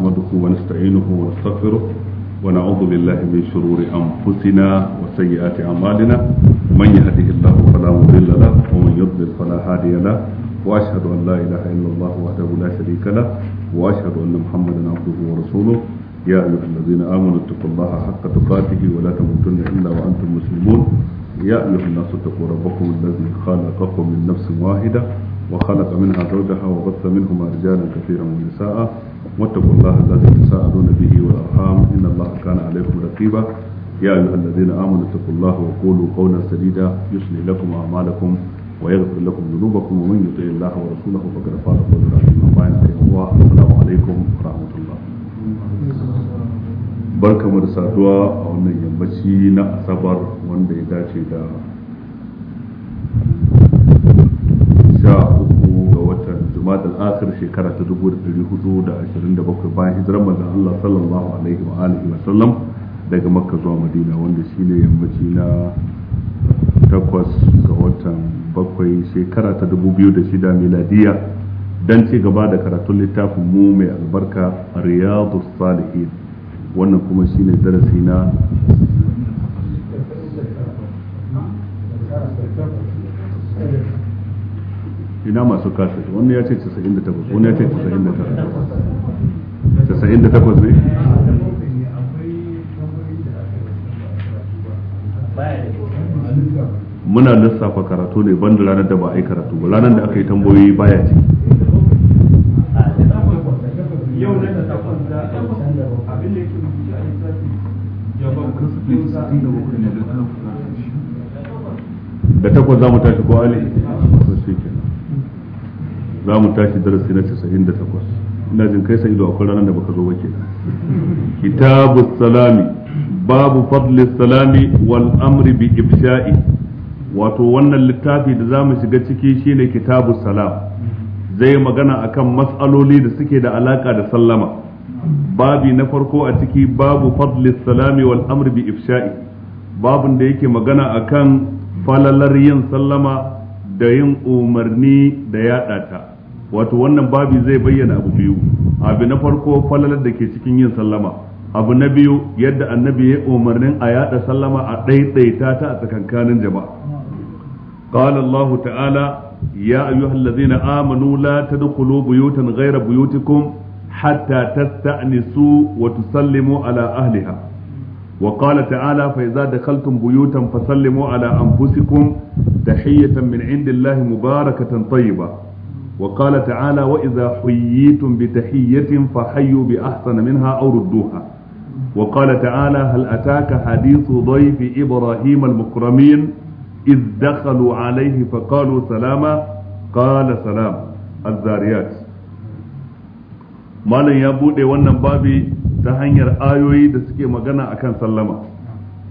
نحمده ونستعينه ونستغفره ونعوذ بالله من شرور أنفسنا وسيئات أعمالنا من يهده الله فلا مضل له ومن يضلل فلا هادي له وأشهد أن لا إله إلا الله وحده لا شريك له وأشهد أن محمدا عبده ورسوله يا أيها الذين آمنوا اتقوا الله حق تقاته ولا تموتن إلا وأنتم مسلمون يا أيها الناس اتقوا ربكم الذي خلقكم من نفس واحدة وخلق منها زوجها وبث منهما رجالا كثيرا ونساء واتقوا الله الذي تساءلون به والارحام ان الله كان عليكم رقيبا يا ايها الذين امنوا اتقوا الله وقولوا قولا سديدا يصلح لكم اعمالكم ويغفر لكم ذنوبكم ومن يطع الله ورسوله فقد فاز فوزا عظيما السلام عليكم ورحمه الله barkamu da saduwa a wannan yammaci na asabar wanda ya dace da jumada al-akhir shekara ta 427 bayan hijirar manzon Allah sallallahu alaihi wa alihi wa sallam daga Makka zuwa Madina wanda shine yammaci na takwas ga watan bakwai shekara ta 2006 miladiya dan ci gaba da karatun littafin mu mai albarka riyadu Salihin wannan kuma shine darasi na ina masu kasa wani ya ce 98 wani ya ce 99 98 ne muna lissafa karatu ne ban da ranar da ba a yi karatu ba ranar da aka yi tambayoyi baya ce da takwas za mu tashi ko alihi za mu tashi darasi na 98 ina jin kai sai ido akwai ranar da baka zo ba kenan kitabu salami babu fadli salami wal amri bi ifsha'i wato wannan littafi da za mu shiga ciki shine kitabu salam zai magana akan matsaloli da suke da alaka da sallama babi na farko a ciki babu fadli salami wal amri bi ifsha'i babin da yake magana akan falalar yin sallama da yin umarni da yaɗa ta wato wannan babi zai bayyana abu biyu abu na farko falalar da ke cikin yin sallama abu na biyu yadda annabi ya umarnin a yada sallama a ɗaiɗaita ta a tsakankanin jama'a قال الله تعالى يا أيها الذين آمنوا لا تدخلوا بيوتا غير بيوتكم حتى تستأنسوا وتسلموا على أهلها وقال تعالى فإذا دخلتم بيوتا فسلموا على أنفسكم تحية من عند الله مباركة طيبة وقال تعالى وإذا حييتم بتحية فحيوا بأحسن منها أو ردوها وقال تعالى هل أتاك حديث ضيف إبراهيم المكرمين إذ دخلوا عليه فقالوا سلاما قال سلام الزاريات malam ya buɗe wannan babi ta hanyar ayoyi da suke magana kan sallama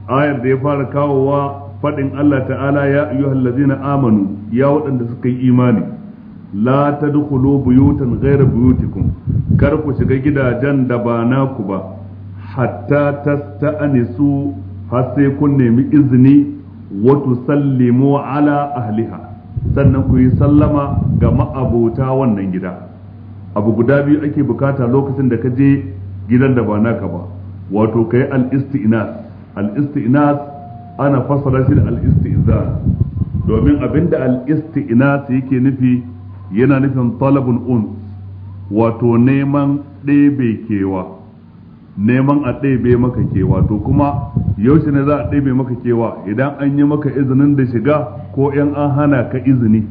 ayar da ya fara kawowa faɗin Allah ta'ala ya ayyuhallazina amanu ya waɗanda suka yi imani la tadkhulu buyutan ghayra buyutikum kar ku shiga gidajen da ba naku ba hatta tasta'nisu har sai kun nemi izini wa sallimo ala haliha sannan ku yi sallama ga ma'abota wannan gida abu guda biyu ake bukata lokacin da ka je gidan da ba naka ba wato kai al-isti'nas al-isti'nas ana fassara shi da al domin abinda al-isti'nas yake nufi yana nufin talabun un wato neman ɗebe kewa neman a ɗebe maka kewa to kuma yaushe ne za a ɗebe maka kewa idan an yi maka izinin da shiga ko yan an hana ka izini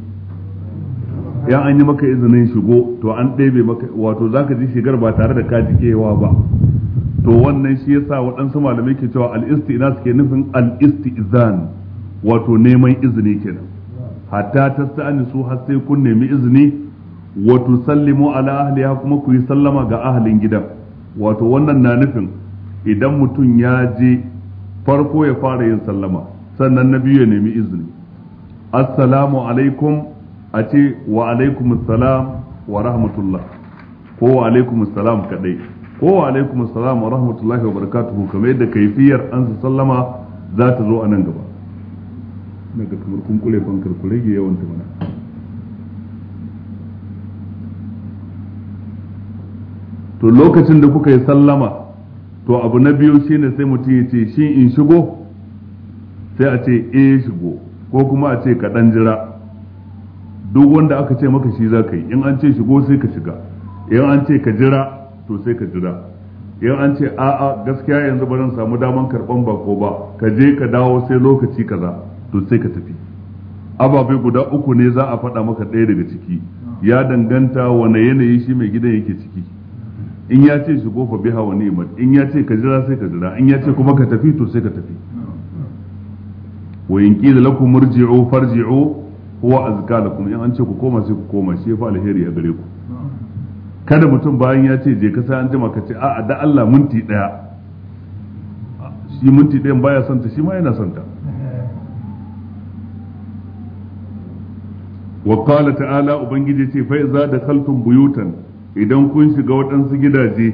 yan an yi maka izinin shigo to an ɗebe maka wato za ka ji shigar ba tare da ka kewa ba to wannan shi yasa waɗansu malamai ke cewa al-isti'na suke nufin al-istizan wato neman izini kenan hatta su har sai kun nemi izini wa tusallimu ala ahliha kuma ku yi sallama ga ahalin gidan wato wannan na nufin idan mutum ya je farko ya fara yin sallama sannan na biyu ya nemi izini assalamu alaikum a ce wa alaikum salam wa rahmatullah ko wa alaikum salam kadai ko wa alaikum salam wa rahmatullahi wa barakatuhu kamar yadda kaifiyar an sallama za ta zo a nan gaba Daga kamar kunkule kule bankar ku yawan ta mana to lokacin da kuka yi sallama to abu na biyu shine sai mutum ya ce shi in shigo sai a ce eh shigo ko kuma a ce kaɗan jira duk wanda aka ce maka shi za ka yi in an ce shigo sai ka shiga in an ce ka jira to sai ka jira in an ce a'a gaskiya yanzu ba zan samu daman karɓan bako ba ka je ka dawo sai lokaci kaza to sai ka tafi ababe guda uku ne za a faɗa maka ɗaya daga ciki ya danganta wane yanayi shi mai gidan yake ciki in ya ce shigo fa biha wa ni'mat in ya ce ka jira sai ka jira in ya ce kuma ka tafi to sai ka tafi wa in qila lakum murji'u farji'u huwa azka lakum in an ce ku koma sai ku koma shi fa alheri a gare ku kada mutum bayan ya ce je ka sai an jima ka ce a'a da Allah minti daya shi minti dayan baya son ta shi ma yana son ta wa qala ta'ala ubangiji ce fa'iza da dakhaltum buyutan idan kun shiga waɗansu gidaje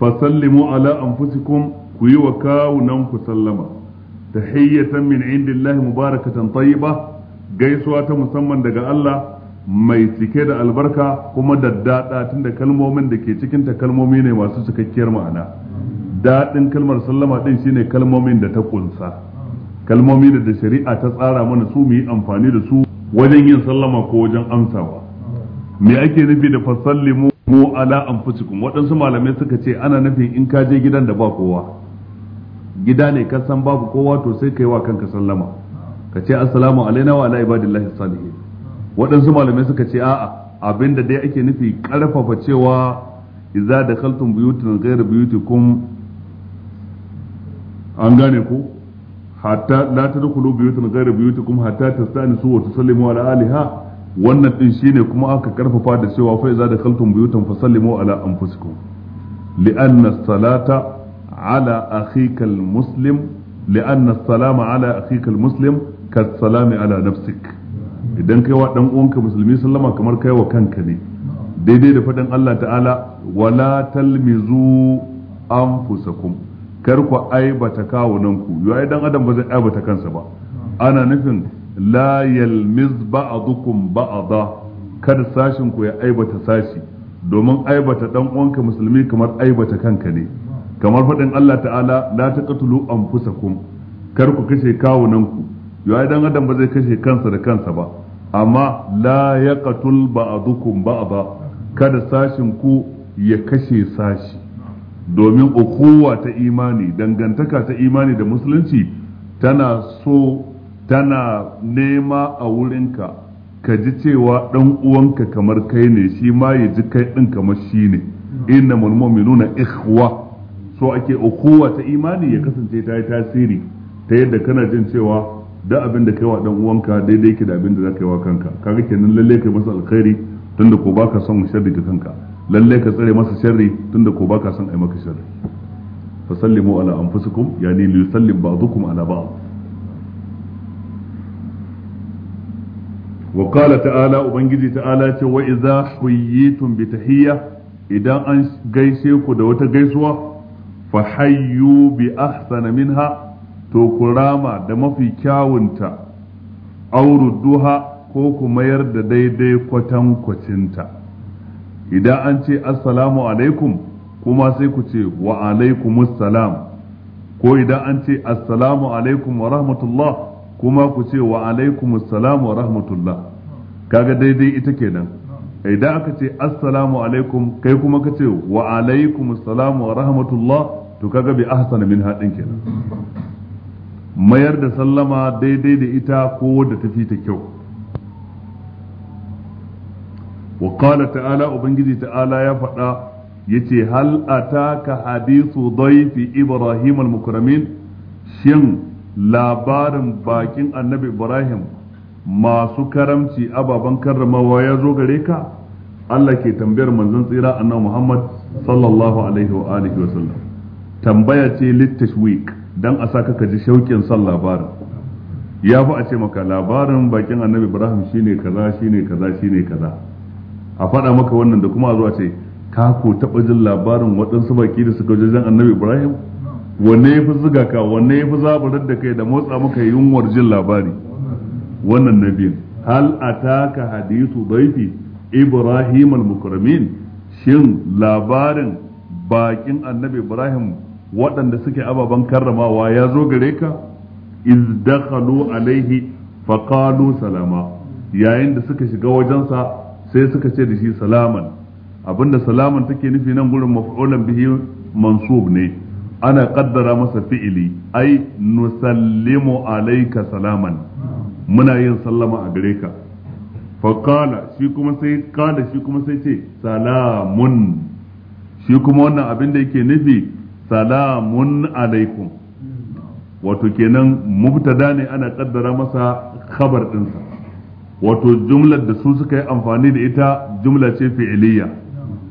fa sallimu ala anfusikum ku yi wa kawunan ku sallama tahiyyatan min indillahi mubarakatan tayyiba gaisuwa ta musamman daga Allah mai cike da albarka kuma da daɗa tunda kalmomin da ke cikin ta kalmomi ne masu cikakkiyar ma'ana daɗin kalmar sallama ɗin shine kalmomin da ta ƙunsa, kalmomi da da shari'a ta tsara mana su mu yi amfani da su wajen yin sallama ko wajen amsawa me ake nufi da fasallimu mu ala anfusikum waɗansu malamai suka ce ana nufin in ka je gidan da ba kowa gida ne ka san babu kowa to sai kai wa kanka sallama ka ce assalamu alaina wa ala ibadillahi salihin waɗansu malamai suka ce a'a abinda dai ake nufi karfafa cewa idza dakhaltum buyutan ghayra buyutikum an gane ku hatta la tadkhulu buyutan ghayra buyutikum hatta tastanisu wa tusallimu ala ahliha wannan din shine kuma aka karfafa da cewa fa idza dakhaltum buyutan fasallimu ala anfusikum al-muslim li'anna as-salama ala akhika muslim kas-salami ala nafsik idan kai wa dan uwanka musulmi sallama kamar kai wa kanka ne daidai da faɗin Allah ta'ala wala talmizu kar ku aibata kawunanku, ku ai dan adam ba zai aibata kansa ba ana nufin la yalmiz ba'dukum ba'da kada sashin ku ya aibata sashi domin aibata dan uwanka musulmi kamar aibata kanka ne kamar faɗin Allah ta'ala la taqtulu anfusakum kar ku kashe kawunanku, ku ai dan adam ba zai kashe kansa da kansa ba amma la yaqtul ba'dukum ba'da kada sashin ku ya kashe sashi domin ukuwa ta imani dangantaka ta imani da musulunci tana so tana nema a wurinka ka ji cewa ɗan uwanka kamar kai ne shi ma ya ji kai ɗin kamar shi ne inna mu'minuna ikhwa so ake ukuwa ta imani ya kasance ta yi tasiri ta yadda kana jin cewa da abin da wa dan uwanka daidai ke da abin da za ka yi wa kanka kaga kenan lalle kai masa alkhairi tunda ko baka son sharri ga kanka Lallai ka tsare masa sharri tunda ko baka son ai maka sharri fa sallimu ala anfusikum yani li yusallim ba'dukum ala ba'd wa qala ta'ala ubangiji ta'ala ce wa idza huyitum bi tahiyya idan an gaishe ku da wata gaisuwa fa hayyu bi ahsana minha to ku rama da mafi kyawunta auru duha ko ku mayar da daidai kwatankwacinta idan an ce assalamu alaikum kuma sai ku ce wa alaikumus salam ko idan an ce assalamu alaikum wa rahmatullah kuma ku ce wa alaikumus salam wa rahmatullah kaga daidai ita kenan idan aka ce assalamu alaikum kai kuma ka ce wa alaikumus salam wa rahmatullah to kaga bi ahsana min hadin kenan mayar da sallama daidai da ita ko da tafi ta kyau wa qala ta'ala ubangiji ta'ala ya faɗa yace hal taka hadithu dhayfi ibrahim al shin labarin bakin annabi ibrahim masu karamci ababen karramawa ya zo gare ka Allah ke tambayar manzon tsira annabi Muhammad sallallahu alaihi wa alihi wa sallam tambaya ce littashwik dan a saka ka ji shauƙin son labarin ya fi a ce maka labarin bakin annabi Ibrahim shine kaza shine kaza shine kaza a faɗa maka wannan da kuma a zuwa ce ka ko taɓa jin labarin waɗansu baki da suka wajen annabi ibrahim wanne ya fi zuga ka wanne ya fi zaburar da kai da motsa maka yunwar jin labari wannan na biyun hal taka hadisu daifi ibrahim al-mukramin shin labarin bakin annabi ibrahim waɗanda suke ababen karramawa ya zo gare ka iz dakhalu alaihi faqalu salama yayin da suka shiga wajensa sai suka ce da shi salaman abinda salaman take nufi nan gurin maf'ulan bihi mansub ne ana kaddara masa fi'ili ai nusallimu alayka salaman muna yin sallama a gare ka Fa kala shi kuma sai kala shi kuma sai ce salamun shi kuma wannan abin da yake nufi salamun alaikum wato kenan mubtada ne ana kaddara masa khabar ɗinsa wato jumlar da su suka yi amfani da ita jumla ce fi'iliya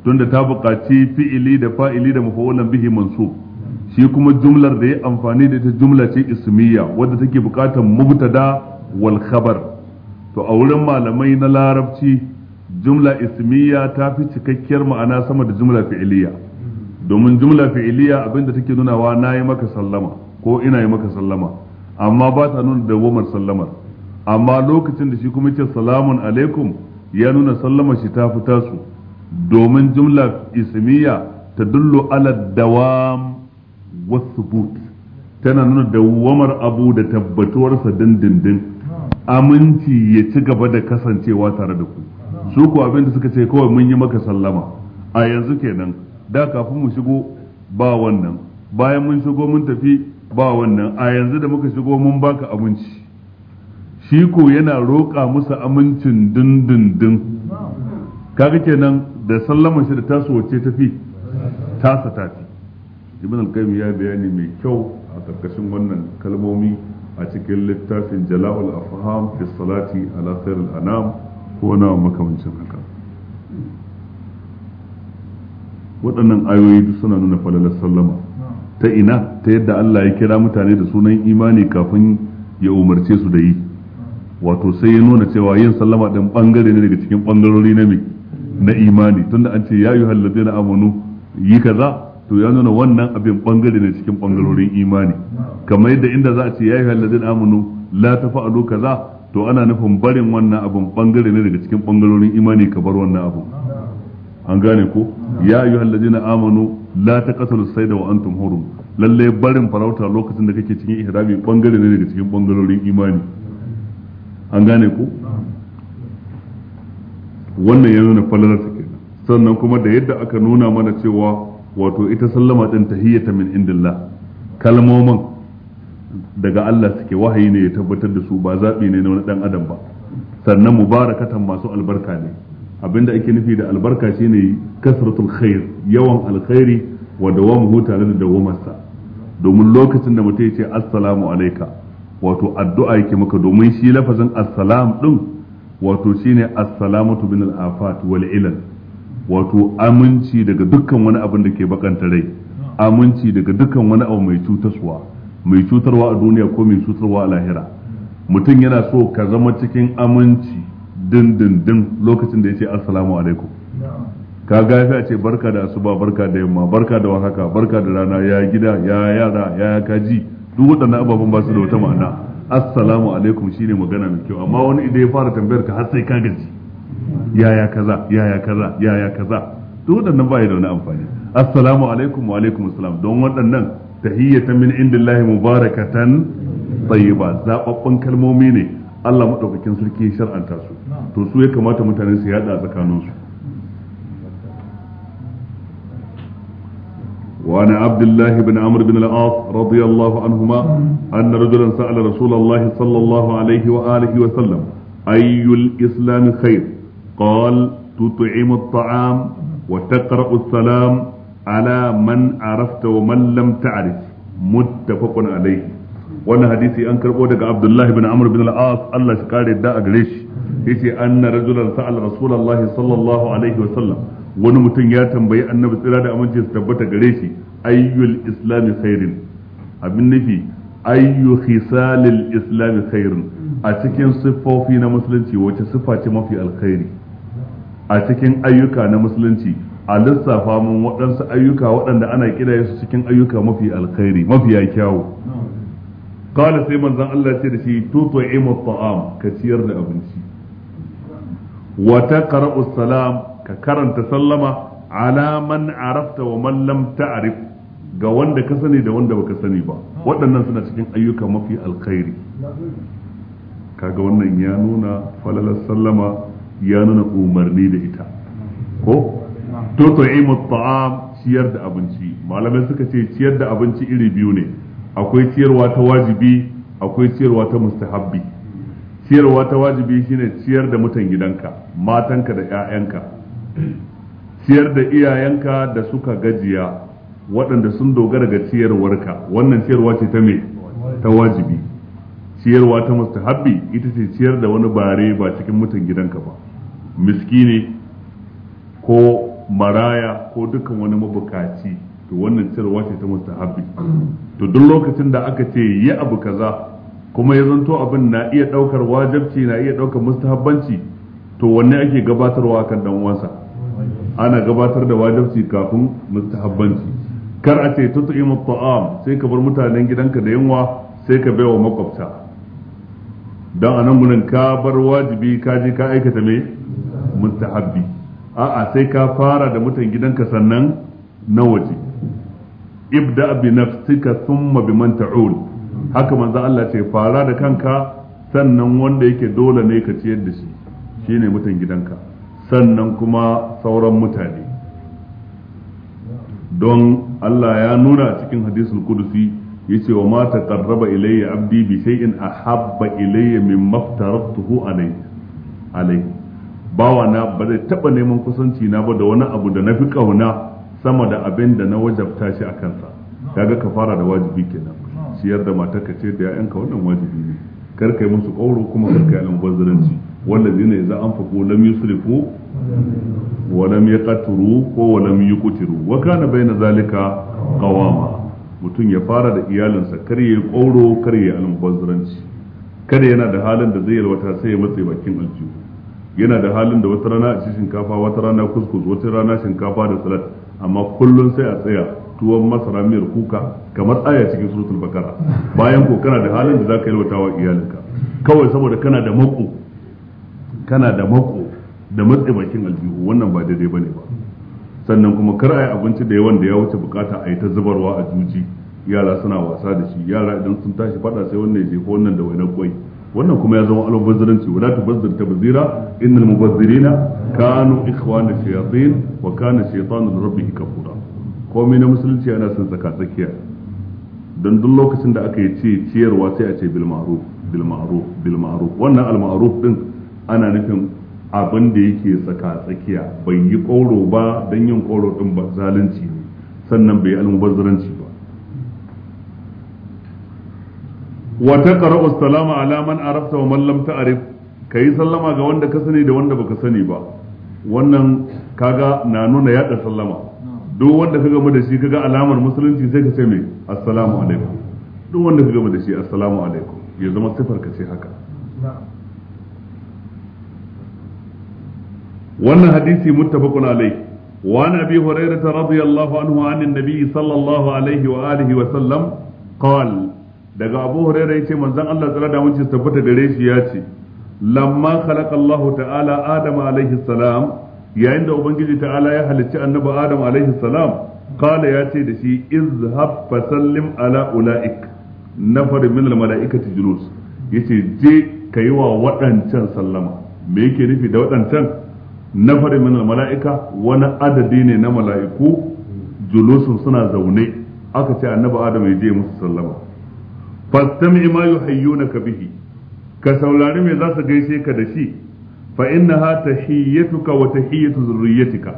tunda ta buƙaci fi'ili da fa'ili da mafa'ulan bihi mansub shi kuma jumlar da ya amfani da ita jumla ce ismiya wadda take buƙatar mubtada wal khabar to a wurin malamai na larabci jumla ismiya ta fi cikakkiyar ma'ana sama da jumla fi'iliya domin jumla fi'iliya abinda take nunawa na yi maka sallama ko ina yi maka sallama amma ba ta nuna dawamar sallamar amma lokacin da shi kuma ce salamun alaikum ya nuna sallama shi ta fita su domin jumla ismiya ta dullo ala dawam wasubut tana nuna dawamar abu da tabbatuwarsa dindindin aminci ya ci gaba da kasancewa tare da ku su ku abin da suka ce kawai mun yi maka sallama a yanzu kenan da kafin mu shigo ba wannan bayan mun shigo mun tafi ba wannan a yanzu da muka shigo mun baka aminci. shi ko yana roƙa musu amincin dindindin kaga kenan da sallaman shi da taso wacce tafi tasa tafi ibn al-qayyim ya bayani mai kyau a karkashin wannan kalmomi a cikin littafin jala'ul afham fi salati ala al anam ko na makamancin haka waɗannan ayoyi duk suna nuna falalar sallama ta ina ta yadda Allah ya kira mutane da sunan imani kafin ya umarce su da yi wato sai ya nuna cewa yin sallama din bangare ne daga cikin bangarori na na imani tunda an ce ya yi na amanu yi kaza to ya nuna wannan abin bangare ne cikin bangarorin imani kamar yadda inda za a ce ya yi na amanu la ta fa'alu kaza to ana nufin barin wannan abin bangare ne daga cikin bangarorin imani ka bar wannan abin an gane ko ya yi hallabe na amanu la ta kasalu sai da wa antum hurum lallai barin farauta lokacin da kake cikin ihrami bangare ne daga cikin bangarorin imani an gane ku wannan ya nuna falalar ta sannan kuma da yadda aka nuna mana cewa wato ita sallama din tahiyyata min indillah kalmomin daga Allah suke wahayi ne ya tabbatar da su ba zaɓi ne na wani ɗan adam ba sannan mubarakatan masu albarka ne abinda ake nufi da albarka shine kasratul khair yawan alkhairi wa dawamuhu tare da dawamarsa domin lokacin da mutum ya ce assalamu alaika wato addu'a yake maka domin shi lafazin assalam din wato shine assalamatu bin al-afat wal ilal wato aminci daga dukkan wani abin da ke bakanta rai aminci daga dukkan wani abu mai cutaswa mai cutarwa a duniya ko mai cutarwa a lahira mutum yana so ka zama cikin aminci dindindin lokacin da ya ce assalamu alaikum ka gafi a ce barka da asuba barka da yamma barka da wahaka barka da rana ya gida ya yara ya kaji duk waɗannan ababen ba su da wata ma'ana assalamu alaikum shine magana mai kyau amma wani idan ya fara tambayar ka har sai ka gaji yaya kaza yaya kaza yaya kaza duk waɗannan ba ya da wani amfani assalamu alaikum wa alaikum assalam don waɗannan tahiyyatan min indillahi mubarakatan tayyiba zababban kalmomi ne Allah madaukakin sarki shar'anta su to su ya kamata mutane su yada tsakaninsu وعن عبد الله بن عمرو بن العاص رضي الله عنهما أن رجلا سأل رسول الله صلى الله عليه وآله وسلم أي الإسلام خير قال تطعم الطعام وتقرأ السلام على من عرفت ومن لم تعرف متفق عليه wannan hadisi an karbo daga Abdullahi bin Amr bin al-As Allah shi kare da a gare shi yace anna rajulan sa'al Rasulullahi sallallahu alaihi wa sallam wani mutum ya tambayi annabi tsira da aminci su tabbata gare shi ayyul islami khairin abin nufi ayyu khisalil islami khairin a cikin siffofi na musulunci wace siffa ce mafi alkhairi a cikin ayyuka na musulunci a lissafa mun waɗansu ayyuka waɗanda ana kira su cikin ayyuka mafi alkhairi mafiya kyawu قال sai manzan Allah ce da shi tut'imu at-ta'am ka ciyar da abinci wa taqra'u salam ka karanta sallama ala man arafta wa man lam ta'rif ga wanda ka sani da wanda baka sani ba waɗannan suna cikin ayyuka mafi alkhairi kaga wannan ya nuna falalar sallama ya nuna umarni da ita ko to ta'imu ta'am ciyar da abinci malamai suka ce ciyar da abinci iri biyu ne akwai ciyarwa ta wajibi akwai ciyarwa ta mustahabbi ciyarwa ta wajibi shine ciyar da mutan gidanka matanka da 'ya'yanka ciyar da iyayenka da suka gajiya waɗanda sun dogara ga ciyarwarka wannan ciyarwa ce ta me ta wajibi ciyarwa ta mustahabbi ita ce ciyar da wani bare ba cikin mutan gidanka ba miskini ko maraya ko dukkan wani mabukaci to wannan ciyarwa ce ta mustahabbi to duk lokacin da aka ce yi abu kaza kuma ya zanto abin na iya ɗaukar wajabci na iya ɗaukar mustahabbanci to wanne ake gabatarwa kan dan uwansa ana gabatar da wajabci kafin mustahabbanci kar a ce imu ta'am sai ka bar mutanen gidanka da yunwa sai ka baiwa makwabta a nan gudun ka bar wajibi ka je ka aikata me mustahabbi a'a sai ka fara da mutan gidanka sannan na waje ibda bi nafsika thumma man ta'ul haka manzo Allah ce fara da kanka sannan wanda yake dole ne ka ciyar da shi shine mutan gidanka sannan kuma sauran mutane don Allah ya nuna cikin hadisul kudusi ya ce wa mata taqarraba ilayya abdi bi shay'in ahabba ilayya mimma aftaratuhu alai alai. bawa na ba zai taba neman kusanci na ba da wani abu da na fi kauna sama da abin da na wajabta shi a kansa kaga ka fara da wajibi kenan ciyar da ka ce da 'ya'yanka wannan wajibi ne kar kai musu kauro kuma kar kai almubazzaranci والذين إذا أنفقوا لم يسرفوا ولم يقتروا ولم يقتروا وكان بين ذلك قواما mutum ya fara da iyalinsa kar ya ƙoro kar ya almubazzaranci kada yana da halin da zai yalwata sai ya matsa bakin aljihu yana da halin da wata rana a ci shinkafa wata rana kuskus wata rana shinkafa da salat amma kullum sai a tsaya tuwon masara miyar kuka kamar tsaya cikin suratul bakara bayan ko kana da halin da zaka yalwata wa iyalinka kawai saboda kana da mako kana da mako da matse bakin aljihu wannan ba daidai ne ba sannan kuma kar a yi abinci da yawan da ya wuce bukata a yi ta zubarwa a juji yara suna wasa da shi yara idan sun tashi fada sai wannan je ko wannan da wainar kwai wannan kuma ya zama almubazziranci wala tubazzir tabzira innal mubazzirina kanu ikhwana shayatin wa kana shaytanu lirabbih kafura komai na musulunci ana son tsaka tsakiya don duk lokacin da aka yi ce ciyarwa sai a ce bil ma'ruf bil ma'ruf bil ma'ruf wannan al ma'ruf din ana nufin abin da yake tsaka tsakiya bai yi koro ba don yin koro ɗin ba zalunci ne sannan bai yi almubazzaranci ba wata ƙara salama alaman arabta wa wa ta arif ka yi sallama ga wanda ka sani da wanda baka sani ba wannan kaga na nuna yaɗa sallama duk wanda ka gama da shi kaga alamar musulunci sai ka ce mai assalamu alaikum duk wanda ka gama da shi assalamu alaikum ya zama sifar ka ce haka wannan hadisi muttafaqun alayh wa an abi hurairah radiyallahu anhu an annabi sallallahu alaihi wa alihi wa sallam qal daga abu hurairah yace manzon Allah tsara da mun tabbata gare shi ya ce lamma khalaqa Allah ta'ala Adam alaihi salam yayin da ubangiji ta'ala ya halicci annabi Adam alaihi salam qala ya ce da shi izhab fa sallim ala ulaik nafar min al malaikati julus yace je kayi wa wadancan sallama me yake nufi da wadancan? Na min mala'ika wani adadi ne na mala'iku julusun suna zaune aka ce annabi adam ya je musu sallama fastami ma ka bihi ka saurari me za su gaishe ka da shi fa innaha tahiyyatuka wa tahiyyatu zurriyyatika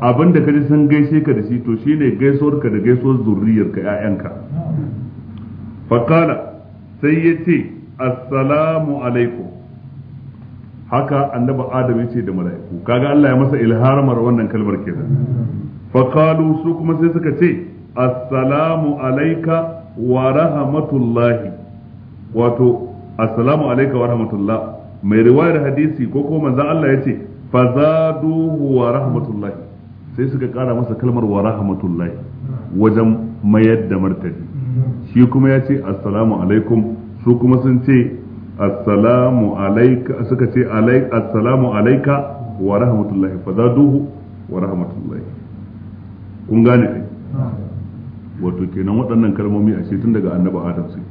abinda ji sun gaishe ka da shi to shine gaisuwar ka da gaisuwar zurriyar ka ƴaƴanka fa qala sai ce assalamu alaikum haka annabi adam ya ce da mala'iku kaga Allah ya masa ilharmar wannan kalmar kenan fa qalu su kuma sai suka ce assalamu alayka wa rahmatullahi wato assalamu alayka wa rahmatullah mai riwayar hadisi ko ko manzon Allah ya ce fa zadu wa rahmatullahi sai suka kara masa kalmar wa rahmatullahi wajen mayar da martani shi kuma ya ce assalamu alaikum su kuma sun ce assalamu alaika suka ce assalamu alaika wa rahmatullahi fa zaduhu wa rahmatullahi kun gane ne wato kenan waɗannan kalmomi a ce tun daga annabi adam sai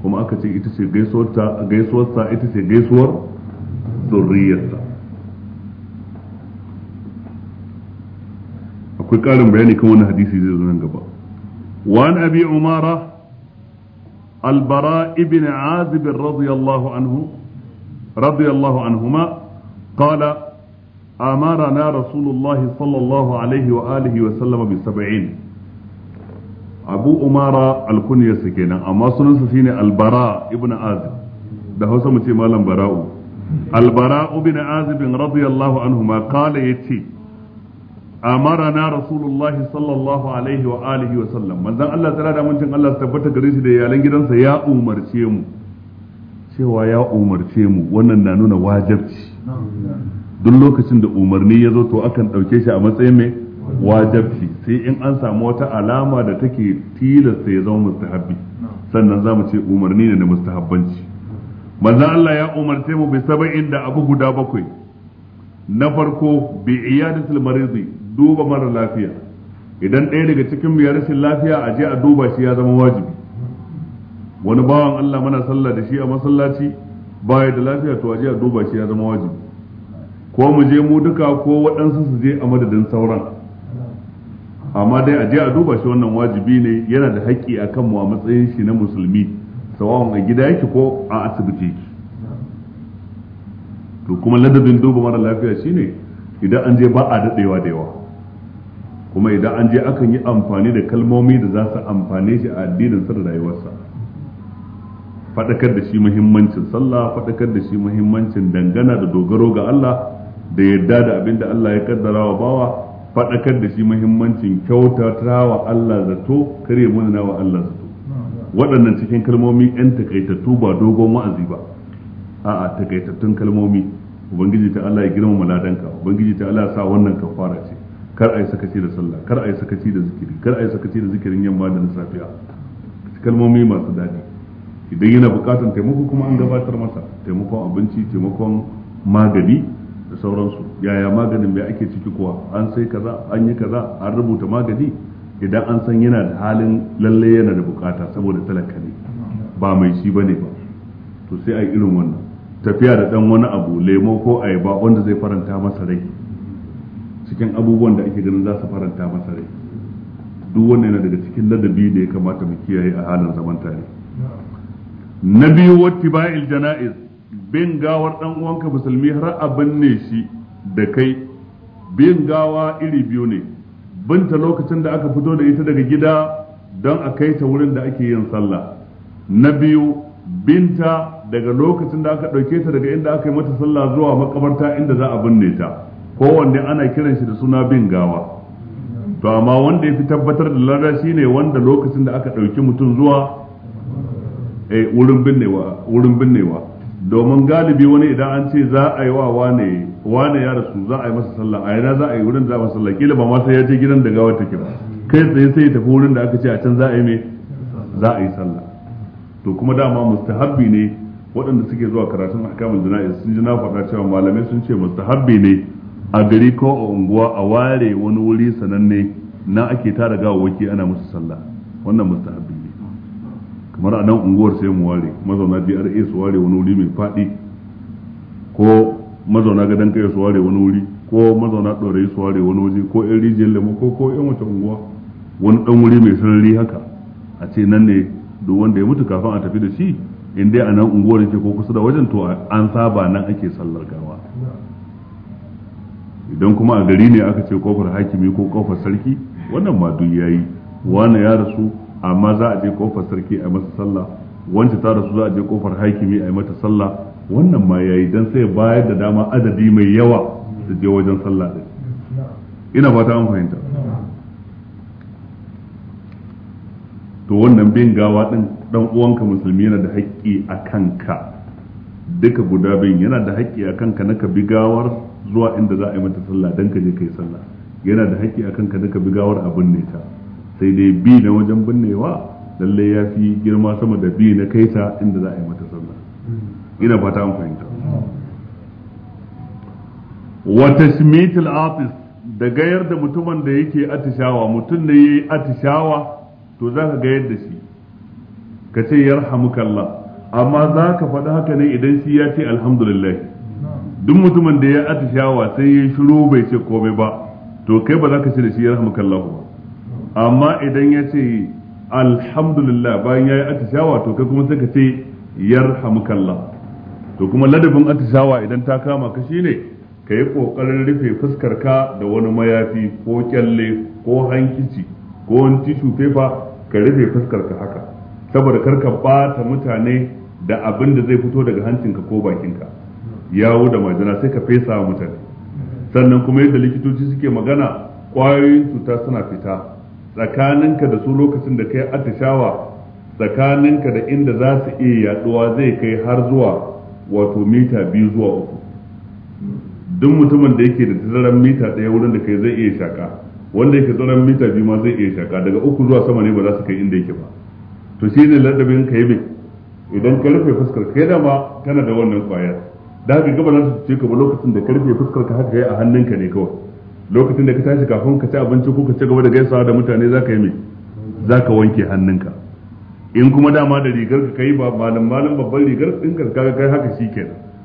kuma aka ce ita ce gaisuwarta gaisuwarsa ita ce gaisuwar zurriyarsa akwai ƙarin bayani kan wani hadisi zai zo nan gaba wa an abi umara البراء بن عازب رضي الله عنه رضي الله عنهما قال أمرنا رسول الله صلى الله عليه وآله وسلم بسبعين أبو أمارة الكنية سكينة أما سنسسين البراء ابن عازب ده هو سمتي مالا براء البراء بن عازب رضي الله عنهما قال يتي amarana rasulullahi sallallahu alaihi wa alihi wa sallam manzon Allah tsara da mutun Allah tabbata gare shi da iyalan gidansa ya umarce mu cewa ya umarce mu wannan na nuna wajibci duk lokacin da umarni ya zo to akan ɗauke shi a matsayin mai wajabci sai in an samu wata alama da take tilasta ya zama mustahabbi sannan za mu ce umarni ne na mustahabbanci manzon Allah ya umarce mu bi saba'in da abu guda bakwai na farko bi iyadatul maridi duba mara lafiya idan ɗaya daga cikin ya rashin lafiya a je a duba shi ya zama wajibi wani bawan Allah mana sallah da shi a masallaci baya da lafiya to a je a duba shi ya zama wajibi ko mu je mu duka ko waɗansu su je a madadin sauran amma dai a je a duba shi wannan wajibi ne yana da haƙƙi a kanmu a matsayin shi na musulmi sawawan a gida yake ko a asibiti yake to kuma ladabin duba mara lafiya shine idan an je ba a daɗewa da yawa kuma idan an je akan yi amfani da kalmomi da za su amfane shi a addinin sa da rayuwarsa faɗakar da shi muhimmancin sallah faɗakar da shi muhimmancin dangana da dogaro ga Allah da yarda da abin da Allah ya kaddara wa bawa faɗakar da shi muhimmancin kyautata wa Allah zato kare munana wa Allah zato waɗannan cikin kalmomi 'yan takaitattu ba dogon wa'azi ba a'a takaitattun kalmomi ubangiji ta Allah ya girmama ladanka ubangiji ta Allah ya sa wannan kafara ce kar a yi sakaci da sallah kar a yi sakaci da zikiri kar a yi sakaci da zikirin yamma da na safiya kalmomi masu daɗi idan yana buƙatar taimako kuma an gabatar masa taimakon abinci taimakon magani da sauransu yaya maganin mai ake ciki kuwa an sai kaza an yi kaza an rubuta magani idan an san yana da halin lalle yana da bukata saboda talaka ne ba mai shi bane ba to sai a irin wannan tafiya da ɗan wani abu lemo ko ayaba wanda zai faranta masa rai cikin abubuwan da ake ganin za su faranta masa rai duk wannan yana daga cikin ladabi da ya kamata mu kiyaye a halin zaman tare na biyu Ba'il jana'iz bin gawar dan uwanka musulmi har a binne shi da kai bin gawa iri biyu ne binta lokacin da aka fito da ita daga gida don a kai ta wurin da ake yin sallah na biyu binta daga lokacin da aka ɗauke ta daga inda aka yi mata sallah zuwa makabarta inda za a binne ta kowanne ana kiran shi da suna bin gawa to amma wanda ya fi tabbatar da lada ne wanda lokacin da aka ɗauki mutum zuwa eh, wurin binnewa domin galibi wani idan an ce za a yi wa wane wane ya rasu za a yi masa sallah a yana za a yi wurin za a masa sallah kila ba ma sai ya je gidan da gawar take ba kai tsaye sai ya tafi wurin da aka ce a can za a yi me za a yi sallah to kuma dama mustahabbi ne waɗanda suke zuwa karatun ahkamul jana'i sun ji na faɗa cewa malamai sun ce mustahabbi ne a gari ko a unguwa a ware wani wuri sananne na ake tara gawawaki ana musu sallah wannan mustahabbi ne kamar a nan unguwar sai mu ware mazauna GRA su ware wani wuri mai faɗi ko mazauna gadon kai su ware wani wuri ko mazauna ɗorayi su ware wani waje ko yan rijiyar lemo ko ko yan wata unguwa wani ɗan wuri mai sarari haka a ce nan ne duk wanda ya mutu kafin a tafi da shi in dai a nan unguwar yake ko kusa da wajen to an saba nan ake sallar gawa idan kuma a gari ne aka ce kofar hakimi ko kofar sarki wannan ma duk yayi wani ya rasu amma za a je kofar sarki a masa sallah wanda ta rasu za a je kofar hakimi a mata sallah wannan ma yayi dan sai bayar da dama adadi mai yawa da je wajen sallah din ina fata an fahimta to wannan bin gawa din dan uwanka musulmi yana da haƙƙi a kanka duka guda bin yana da haƙƙi a kanka na ka bi gawar zuwa inda za a yi mata sallah dan ka je kai sallah yana da haƙƙi akan ka ka bi gawar a binne ta sai dai bi na wajen binnewa lallai ya fi girma sama da bi na kai ta inda za a yi mata sallah ina fata an fahimta Wata tashmit atis da gayar da mutumin da yake atishawa mutum da yayi atishawa to zaka gayar da shi ka ce yarhamukallah amma za ka faɗi haka ne idan shi ya ce alhamdulillah duk mutumin da ya atishawa sai ya shiru bai ce komai ba to kai ba za ka ce da shi ya yarhamukallahu ba amma idan ya ce alhamdulillah bayan ya yi atishawa to kai kuma sai ka ce ya yarhamukallah to kuma ladabin atishawa idan ta kama ka shi ne ka yi kokarin rufe fuskar ka da wani mayafi ko kyalle ko hankici ko wani tishu fefa ka rufe fuskar ka haka saboda kar ka bata mutane da abin da zai fito daga hancinka ko bakinka yawo da majina sai ka fesa wa mutane sannan kuma yadda likitoci suke magana ƙwayoyin cuta suna fita tsakaninka da su lokacin da kai atishawa tsakaninka da inda za su iya yaduwa zai kai har zuwa wato mita biyu zuwa uku duk mutumin da yake da tazaran mita ɗaya wurin da kai zai iya shaka wanda yake tsaron mita biyu ma zai iya shaka daga uku zuwa sama ne ba za su kai inda yake ba to shi ne ladabin ka yi idan ka rufe fuskar kai da ma kana da wannan ƙwayar. da haka gaba nan su ce ka ba lokacin da karfe fuskar ka haka a hannunka ne kawai lokacin da ka tashi kafin ka ci abinci ko ka ci gaba da gaisawa da mutane za ka yi me zaka ka wanke hannunka in kuma dama da rigar ka kai ba malam malam babban rigar din ka kai haka shi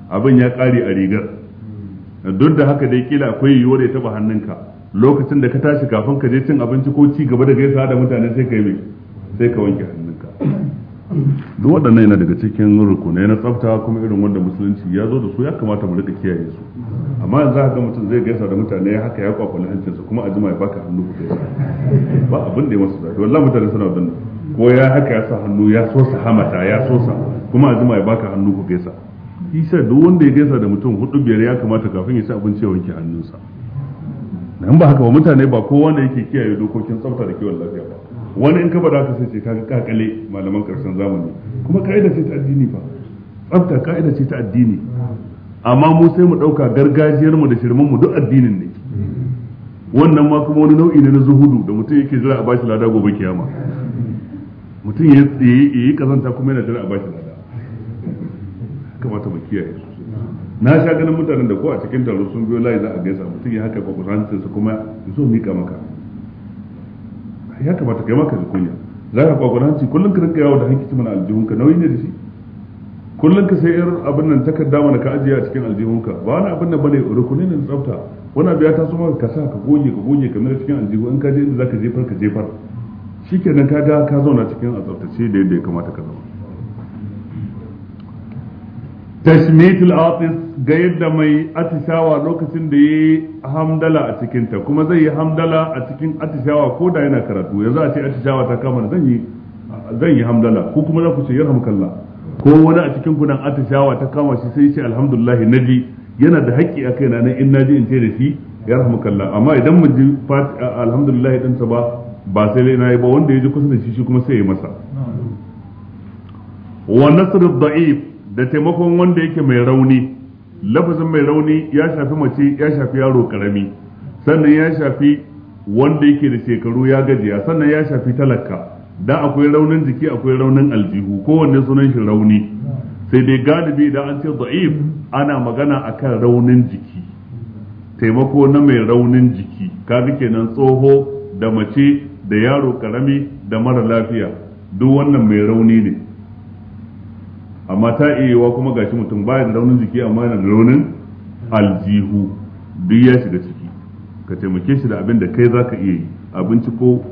abin ya ƙare a rigar duk da haka dai kila akwai yiwuwar ya taba hannunka lokacin da ka tashi kafin ka je cin abinci ko ci gaba da gaisawa da mutane sai ka yi mai sai ka wanke hannu duk waɗannan yana daga cikin rukunai na tsafta kuma irin wanda musulunci ya zo da su ya kamata mu rika kiyaye su amma yanzu haka mutum zai gaisa da mutane haka ya kwakwale hancinsa kuma a jima ya baka hannu ku gaisa ba abin da ya masu zafi wallahi mutane suna wannan ko ya haka ya sa hannu ya so sa hamata ya so sa kuma a jima ya baka hannu ku gaisa isa duk wanda ya gaisa da mutum hudu biyar ya kamata kafin ya ci abinci ya wanke hannunsa nan ba haka ba mutane ba kowa ne yake kiyaye dokokin tsafta da kiwon lafiya ba wani in ka faɗa ka sai ce kakale malaman karshen zamani kuma ka'ida ce ta addini fa tsafta ka'ida ce ta addini amma mu sai mu ɗauka gargajiyar mu da shirmin mu duk addinin ne wannan ma kuma wani nau'i ne na zuhudu da mutum yake jira a bashi lada gobe kiyama mutum ya yi kazanta kuma yana jira a bashi lada kamata mu kiyaye na sha ganin mutanen da ko a cikin taro sun biyo layi za a gaisa mutum ya haka kwakwasancinsa kuma ya zo mika maka ya kamata kai maka ka kunya za ka kwa hanci kullum ka rinka yawo da hankici mana aljihunka nauyi ne da shi kullum ka sai irin abin nan takarda mana ka ajiye a cikin aljihunka ba wani abin nan bane rukuni ne tsafta wani abu ya taso maka ka sa ka goge ka goge ka mira cikin aljihu in ka je inda za ka jefar ka jefar shi shikenan ka ga ka zauna cikin a tsaftace da yadda ya kamata ka zauna tashmitul atis ga yadda mai atishawa lokacin da yi hamdala a cikinta kuma zai yi hamdala a cikin atishawa ko da yana karatu yanzu a ce atishawa ta kama zan yi zan yi hamdala ko kuma za ku ce yarhamkallah ko wani a cikin gudan atishawa ta kama shi sai ce alhamdulillah naji yana da haƙƙi a kaina na in naji in ce da shi yarhamkallah amma idan mu ji alhamdulillah din sa ba ba sai na yi ba wanda ya ji kusa da shi shi kuma sai ya masa wa nasr da'if da taimakon wanda yake mai rauni lafazin mai rauni ya shafi mace ya shafi yaro karami sannan ya shafi wanda yake da shekaru ya gajiya sannan ya shafi talaka da akwai raunin jiki akwai raunin aljihu kowanne sunan shi rauni sai dai galibi da an ce da'if ana magana akan raunin jiki taimako na mai raunin jiki kaga kenan tsoho da mace da yaro karami da mara lafiya duk wannan mai rauni ne amma ta iya kuma gashi mutum baya da raunin jiki amma yana da raunin aljihu duk ya shiga ciki ka taimake shi da abin da kai zaka iya yi abinci ko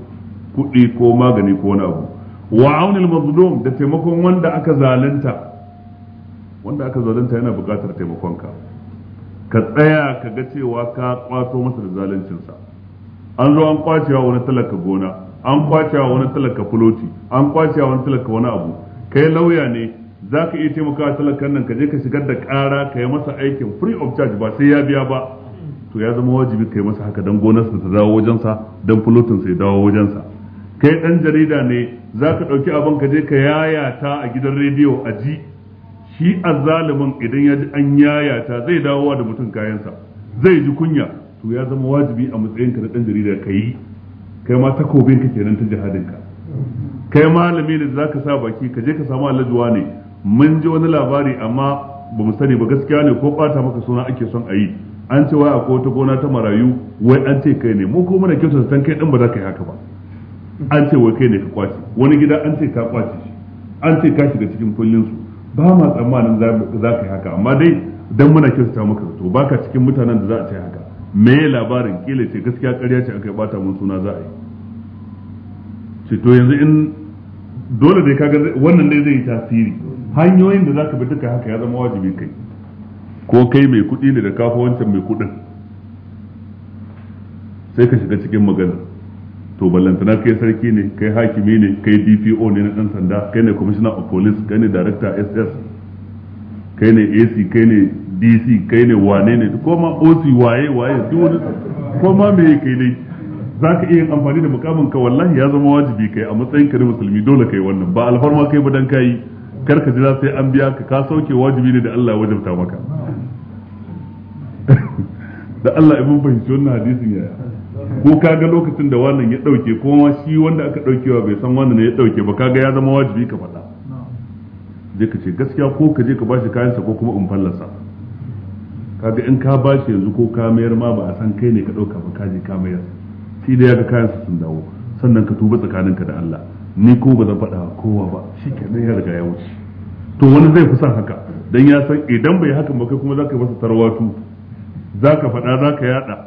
kuɗi ko magani ko wani abu wa aunil mazlum da taimakon wanda aka zalunta wanda aka zalunta yana buƙatar taimakonka ka tsaya ka ga cewa ka kwato masa da zaluncinsa an zo an kwacewa wani talaka gona an kwacewa wani talaka fuloti an kwacewa wani talaka wani abu kai lauya ne za ka iya taimakawa talakan nan ka je ka shigar da ƙara ka yi masa aikin free of charge ba sai ya biya ba to ya zama wajibi ka yi masa haka don gonarsa ta dawo wajensa don fulotinsa ya dawo wajensa kai ɗan jarida ne za ka ɗauki abin ka je ka yayata a gidan rediyo a ji shi azzalumin idan ya ji an yayata zai dawowa da mutum kayansa zai ji kunya to ya zama wajibi a matsayinka na ɗan jarida ka yi kai ma takobin ka kenan ta jihadinka kai malami ne da zaka sa baki ka je ka samu alajuwa ne mun ji wani labari amma ba mu sani ba gaskiya ne ko bata maka suna ake son a yi an ce wai akwai wata gona ta marayu wai an ce kai ne mu ko muna kyautar san kai din ba za ka yi haka ba an ce wai kai ne ka kwace wani gida an ce ka kwace shi an ce ka shiga cikin kullun su ba ma tsammanin za ka yi haka amma dai dan muna kyautata maka to baka cikin mutanen da za a ce haka me labarin kila ce gaskiya ƙarya ce aka bata mun suna za a yi ce to yanzu in dole dai kaga wannan ne zai yi tasiri hanyoyin da zaka bi duka haka ya zama wajibi kai ko kai mai kuɗi ne da kafa wancan mai kuɗin sai ka shiga cikin magana to ballantana kai sarki ne kai hakimi ne kai DPO ne na ɗan sanda kai ne commissioner of police kai ne director SS kai ne AC kai ne DC kai ne wane ne ko ma OC waye waye duk wani ko ma me kai ne za ka iya yin amfani da mukamin ka wallahi ya zama wajibi kai a matsayin ka na musulmi dole kai wannan ba alfarma kai ba dan kai kar ka jira sai an biya ka ka sauke wajibi ne da Allah ya wajabta maka da Allah ibn fahimci wannan hadisin ya ko kaga lokacin da wannan ya dauke ko shi wanda aka daukewa bai san wannan ne ya dauke ba kaga ya zama wajibi ka faɗa je ka ce gaskiya ko ka je ka bashi kayansa ko kuma in fallasa kaga in ka bashi yanzu ko ka mayar ma ba a san kai ne ka dauka ba ka je ka mayar sai da ya ga kayansa sun dawo sannan ka tuba tsakaninka da Allah ni ko ba zan faɗa kowa ba shi kenan ya riga ya wuce to wani zai fi son haka don ya san idan bai hakan ba kai kuma zaka yi masa tarwatu zaka faɗa zaka yaɗa.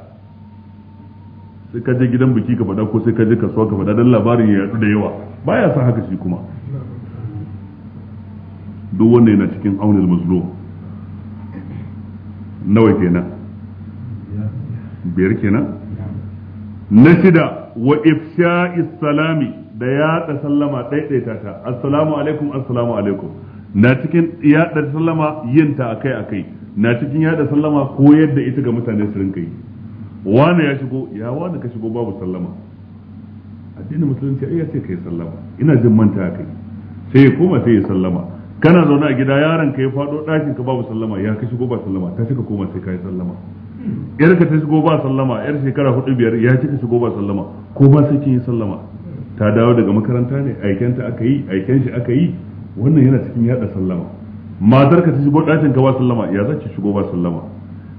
sai ka je gidan biki ka faɗa ko sai ka je kasuwa ka faɗa don labarin ya yaɗu da yawa baya san haka shi kuma duk wanda yana cikin aunin mazlo nawa kenan biyar kenan na shida wa ifsha'is salami da yaɗa sallama ɗaiɗaita ta assalamu alaikum assalamu alaikum na cikin yaɗa sallama yin ta akai akai na cikin yaɗa sallama koyar da ita ga mutane su rinka yi wani ya shigo ya wani ka shigo babu sallama addini musulunci ai ya ce kai sallama ina jin manta kai sai ya koma sai ya sallama kana zaune a gida yaron ka ya faɗo ɗakin ka babu sallama ya ka shigo ba sallama ta shiga koma sai ka yi sallama yar ka ta shigo ba sallama yar shekara hudu biyar ya ka shigo ba sallama ko ba sai kin yi sallama ta dawo daga makaranta ne ta aka yi aiken shi aka yi wannan yana cikin yada sallama matar ka ta shigo ɗakin ka ba sallama ya za ki shigo ba sallama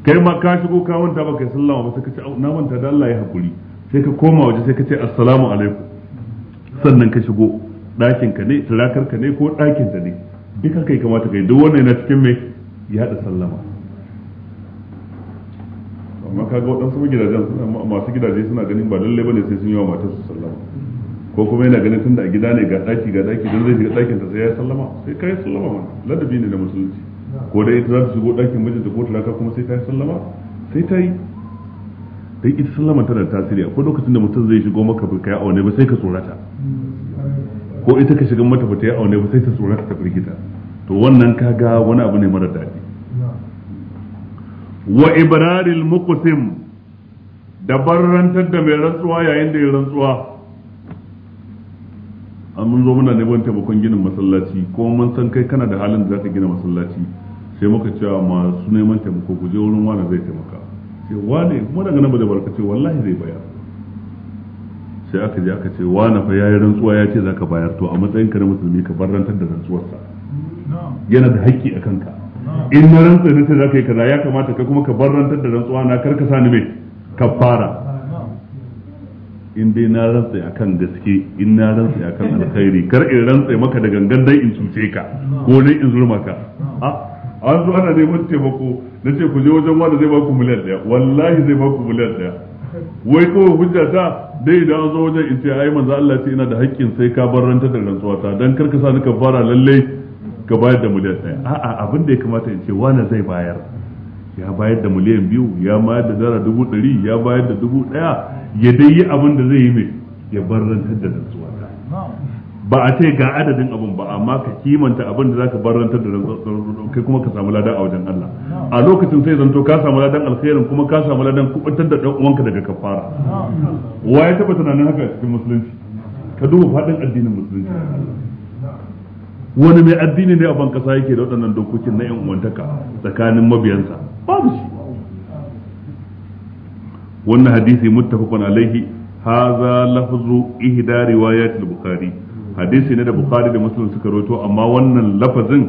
kai ma ka shigo ka manta ba kai sallama ba sai ka ce na manta da Allah ya hakuri sai ka koma waje sai ka ce assalamu alaikum sannan ka shigo ɗakin ka ne turakar ka ne ko ɗakin ta ne duk kai kamata kai duk wannan yana cikin mai yada sallama amma kaga waɗansu gidajen suna masu gidaje suna ganin ba lallai bane sai sun yi wa matar su sallama ko kuma yana ganin tunda a gida ne ga daki ga daki don zai shiga dakin ta sai ya sallama sai kai sallama mana ladabi ne da musulunci ko dai ita za ta shigo dakin mijinta ko talaka kuma sai kai sallama sai ta yi dan ita sallama tana da tasiri akwai lokacin da mutum zai shigo maka bai kai aune ba sai ka tsorata mm, ko ita ka shiga mata bata yi aune ba sai ta tsorata ta firgita to wannan kaga wani abu ne mara daɗi wa ibraril muqsim da barrantar da mai rantsuwa yayin da ya rantsuwa mun zo muna neman taimakon ginin masallaci ko mun san kai kana da halin da zaka gina masallaci sai muka cewa masu neman taimako ku je wurin wani zai taimaka sai wani kuma daga nan ba da barka ce wallahi zai bayar sai aka je aka ce wani fa yayi rantsuwa ya ce zaka bayar to a matsayin ka na musulmi ka barrantar da rantsuwarsa yana da haƙƙi a kanka in na rantsa ne sai zaka yi kaza ya kamata ka kuma ka barrantar da rantsuwa na karka sa ni mai kafara in dai na rantsa kan gaske in na rantsa kan alkhairi kar in rantsa maka da gangan dai in cuce ka ko ne in zurma ka ah, an zo ana neman taimako na ce ku je wajen wanda zai baku miliyan daya wallahi zai baku miliyan daya wai kawai hujja ta dai da an zo wajen in ce ai manzo Allah ce ina da haƙƙin sai ka bar rantar da rantsuwa ta dan ka sa ni ka fara lalle ka bayar da miliyan daya a'a abin da ya kamata in ce wani zai bayar ya bayar da miliyan biyu ya bayar da dara dubu ɗari ya bayar da dubu ɗaya ya dai yi abin da zai yi mai ya bar rantar da rantsuwa ba a ce ga adadin abin ba amma ka kimanta abin da zaka bar rantar da rantsuwa kai kuma ka samu ladan a wajen Allah a lokacin sai zanto ka samu ladan alkhairin kuma ka samu ladan kubutar da dan uwanka daga kafara wa ya taba tunanin haka cikin musulunci ka duba faɗin addinin musulunci wani mai addini ne a ban kasa yake da waɗannan dokokin na yan uwantaka tsakanin mabiyansa babu shi wannan hadisi muttafaqun alaihi hadha lafzu ihda riwayat al-bukhari hadisi ne da bukhari da muslim suka rawaito amma wannan lafazin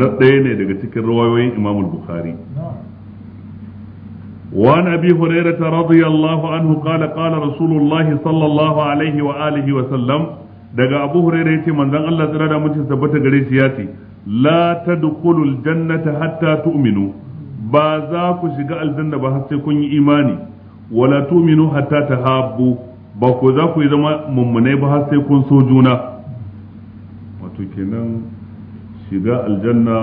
na ɗaya ne daga cikin riwayoyin imam al-bukhari وعن ابي هريره رضي الله عنه قال قال رسول الله صلى الله عليه واله وسلم daga abu hurairah yace manzon Allah tsira da mutum tabbata gare shi yace la jannata hatta ba za ku shiga aljanna ba har sai kun yi imani wala tu'minu hatta tahabbu ba ku za ku yi zama mummunai ba har sai kun so juna wato kenan shiga aljanna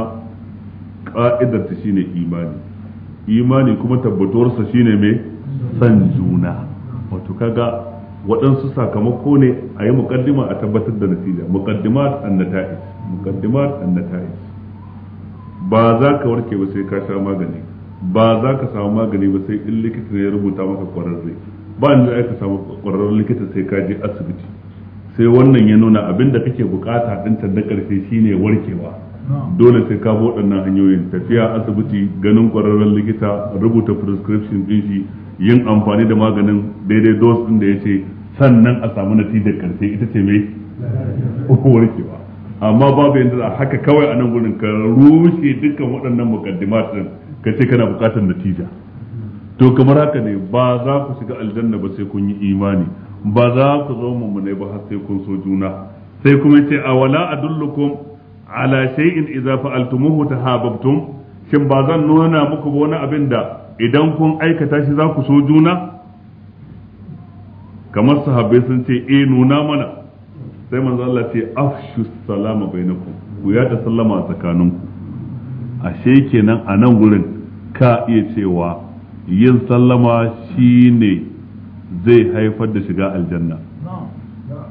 ka'idar ta shine imani imani kuma tabbatuwarsa shine mai san juna wato kaga waɗansu sakamako ne a yi muƙaddima a tabbatar da natija muƙaddimat annata'i muƙaddimat annata'i ba za ka warke ba sai ka sha magani ba za ka samu magani ba sai in likita ne ya rubuta maka kwararre ba ni da ka samu kwararren likita sai ka je asibiti sai wannan ya nuna abin da kake bukata din ta da karfe shine warkewa dole sai ka waɗannan hanyoyin tafiya asibiti ganin kwararren likita rubuta prescription din shi yin amfani da maganin daidai dose din da yace sannan a samu natijar karfe ita ce mai warkewa amma babu a haka kawai a nan gurin ka rushe dukkan waɗannan mukaddimat din ka ce kana buƙatar natija to kamar haka ne ba za ku shiga aljanna ba sai kun yi imani ba za ku zo mummune ba har sai kun so juna sai kuma ce a wala adullukum ala shay'in idza fa'altumuhu tahabbtum shin ba zan nuna muku ba wani abin da idan kun aikata shi za ku so juna kamar sahabbai sun ce eh nuna mana sai manzo Allah ce afshu salama bainakum ku yada sallama tsakaninku ashe kenan a nan gurin ka iya cewa yin sallama shine zai haifar da shiga aljanna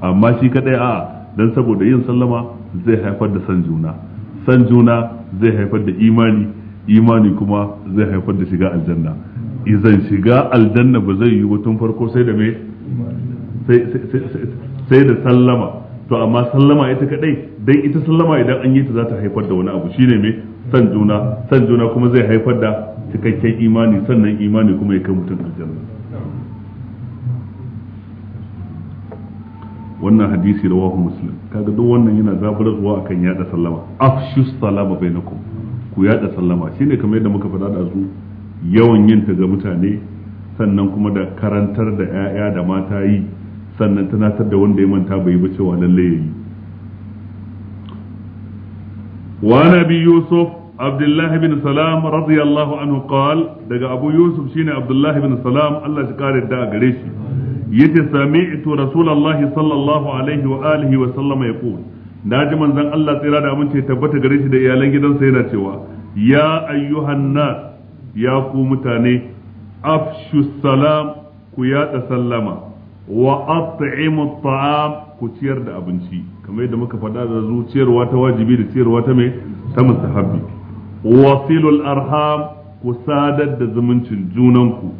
amma shi kadai a dan saboda yin sallama zai haifar da san juna san juna zai haifar da imani imani kuma zai haifar da shiga aljanna izan shiga aljanna ba zai yi tun farko sai da me sai da sallama to amma sallama ita kadai dan ita sallama idan an yi ta za ta haifar da wani abu shine me san juna san juna kuma zai haifar da cikakken imani sannan imani kuma ya kai mutum aljanna wannan hadisi rawahu muslim kaga duk wannan yana zaburarwa akan yada sallama afshu salama bainakum ku yada sallama shine kamar yadda muka faɗa da su yawan yin ta ga mutane sannan kuma da karantar da 'ya'ya da mata yi sannan tunatar da wanda ya manta bai ba cewa lalle yi. wa nabi yusuf Abdullahi bin salam radiyallahu anhu qal daga abu yusuf shine Abdullahi bin salam Allah ya kare da gare shi yace sami'tu rasulullahi sallallahu alaihi wa alihi wa sallama yaqul naji manzon Allah tsira da amince tabbata gare shi da iyalan gidansa yana cewa ya ayyuhan nas ya ku mutane afshu salam ku yada sallama wa at'imu at'am ku ciyar da abinci kamar yadda muka faɗa da zuciyarwa ta wajibi da ciyarwa ta mai ta mustahabbi wasilul arham ku sadar da zumuncin junanku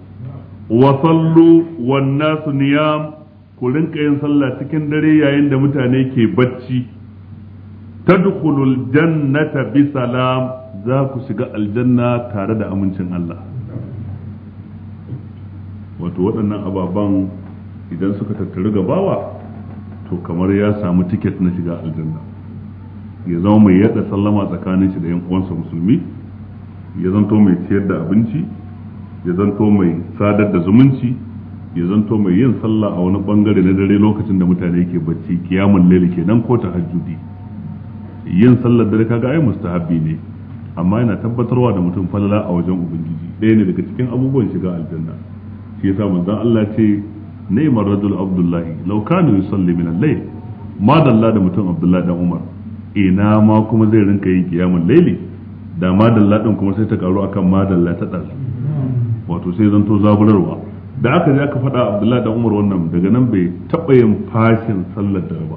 wa sallu wan nasu niyam ku rinka yin sallah cikin dare yayin da mutane ke bacci tadkhulul jannata bi salam za ku shiga aljanna tare da amincin Allah wato waɗannan ababen idan suka tattaru ga bawa to kamar ya samu tiket na shiga aljanna ya zama mai yadda sallama tsakanin shi da yan uwansa musulmi ya zanto mai ciyar da abinci ya zanto mai sadar da zumunci ya zanto mai yin sallah a wani bangare na dare lokacin da mutane ke bacci kiyamun laili kenan ko ta hajjudi yin sallar dare kaga ai mustahabbi ne amma yana tabbatarwa da mutum falala a wajen ubangiji ɗaya ne daga cikin abubuwan shiga aljanna shi yasa manzon Allah ce ni'mar rajul abdullahi law kana yusalli min al-layl ma dalla da mutum abdullahi dan umar ina ma kuma zai rinka yin kiyamun laili? da ma dalla din kuma sai ta karu akan ma dalla ta dal wato sai zanto zaburarwa da aka je aka faɗa abdullahi dan umar wannan daga nan bai taɓa yin fashin sallar dare ba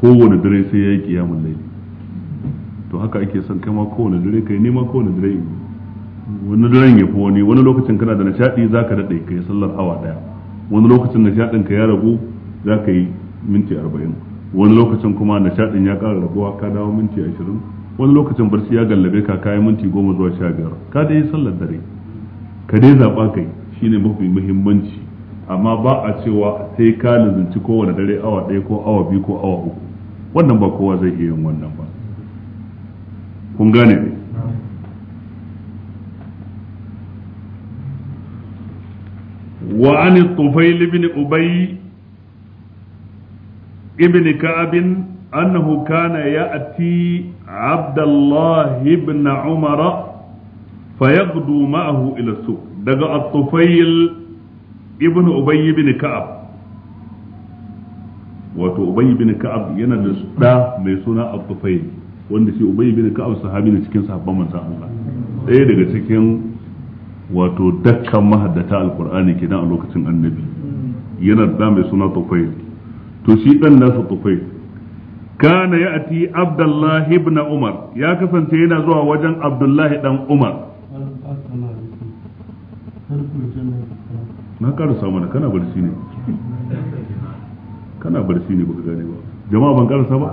kowane dare sai ya yi kiyamul laili. to haka ake son kai ma kowane dare kai ne ma kowane dare wani daren ya fi wani wani lokacin kana da nishadi za ka daɗe ka yi sallar awa ɗaya wani lokacin nishadin ka ya ragu za ka yi minti arba'in wani lokacin kuma nishadin ya ƙara raguwa ka dawo minti ashirin wani lokacin barci ya gallabe ka kayi minti goma zuwa sha biyar ka dai sallar dare ka dai zaɓa kai shine mafi muhimmanci amma ba a cewa sai ka lizinci kowane dare awa ɗaya ko awa biyu ko awa uku wannan ba kowa zai iya yin wannan ba kun gane ne wa an tufail ibn ubay ibn ka'ab annahu kana ya'ti abdullah ibn umara fayaghdu ma'ahu ila suq daga at-tufail ibn ubay ibn ka'ab wato ubay ibn ka'ab yana da da mai suna at wanda shi ubay ibn ka'ab sahabi ne cikin sahabban manzon Allah ɗaya daga cikin wato dakkan mahaddata alkur'ani kenan a lokacin annabi yana da mai suna tufai to shi dan nasa tufai kana ya'ti abdullahi ibn umar ya kasance yana zuwa wajen abdullahi dan umar na ƙara samu na kana barci ne kana barci ne baka gane ba jama'a ban ƙarasa ba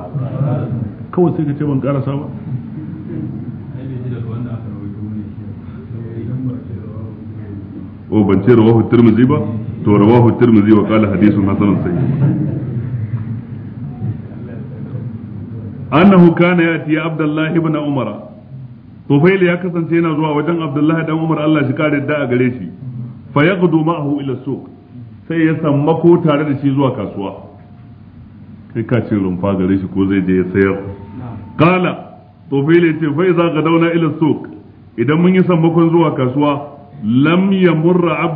kawai sai ka ce ban ƙarasa ba ko ban ce rawahu tirmidhi ba to rawahu tirmidhi wa kala hadisun hasanun sai annahu kana yati abdullah ibn umara tufail ya kasance yana zuwa wajen abdullah dan umar Allah shi kare da a gare shi fa yaqdu ma'ahu ila suq sai ya sammako tare da shi zuwa kasuwa kai ka ce rumfa gare shi ko zai je ya sayar kala tufail ya ce fa iza gadawna ila suq idan mun yi sammakon zuwa kasuwa عبد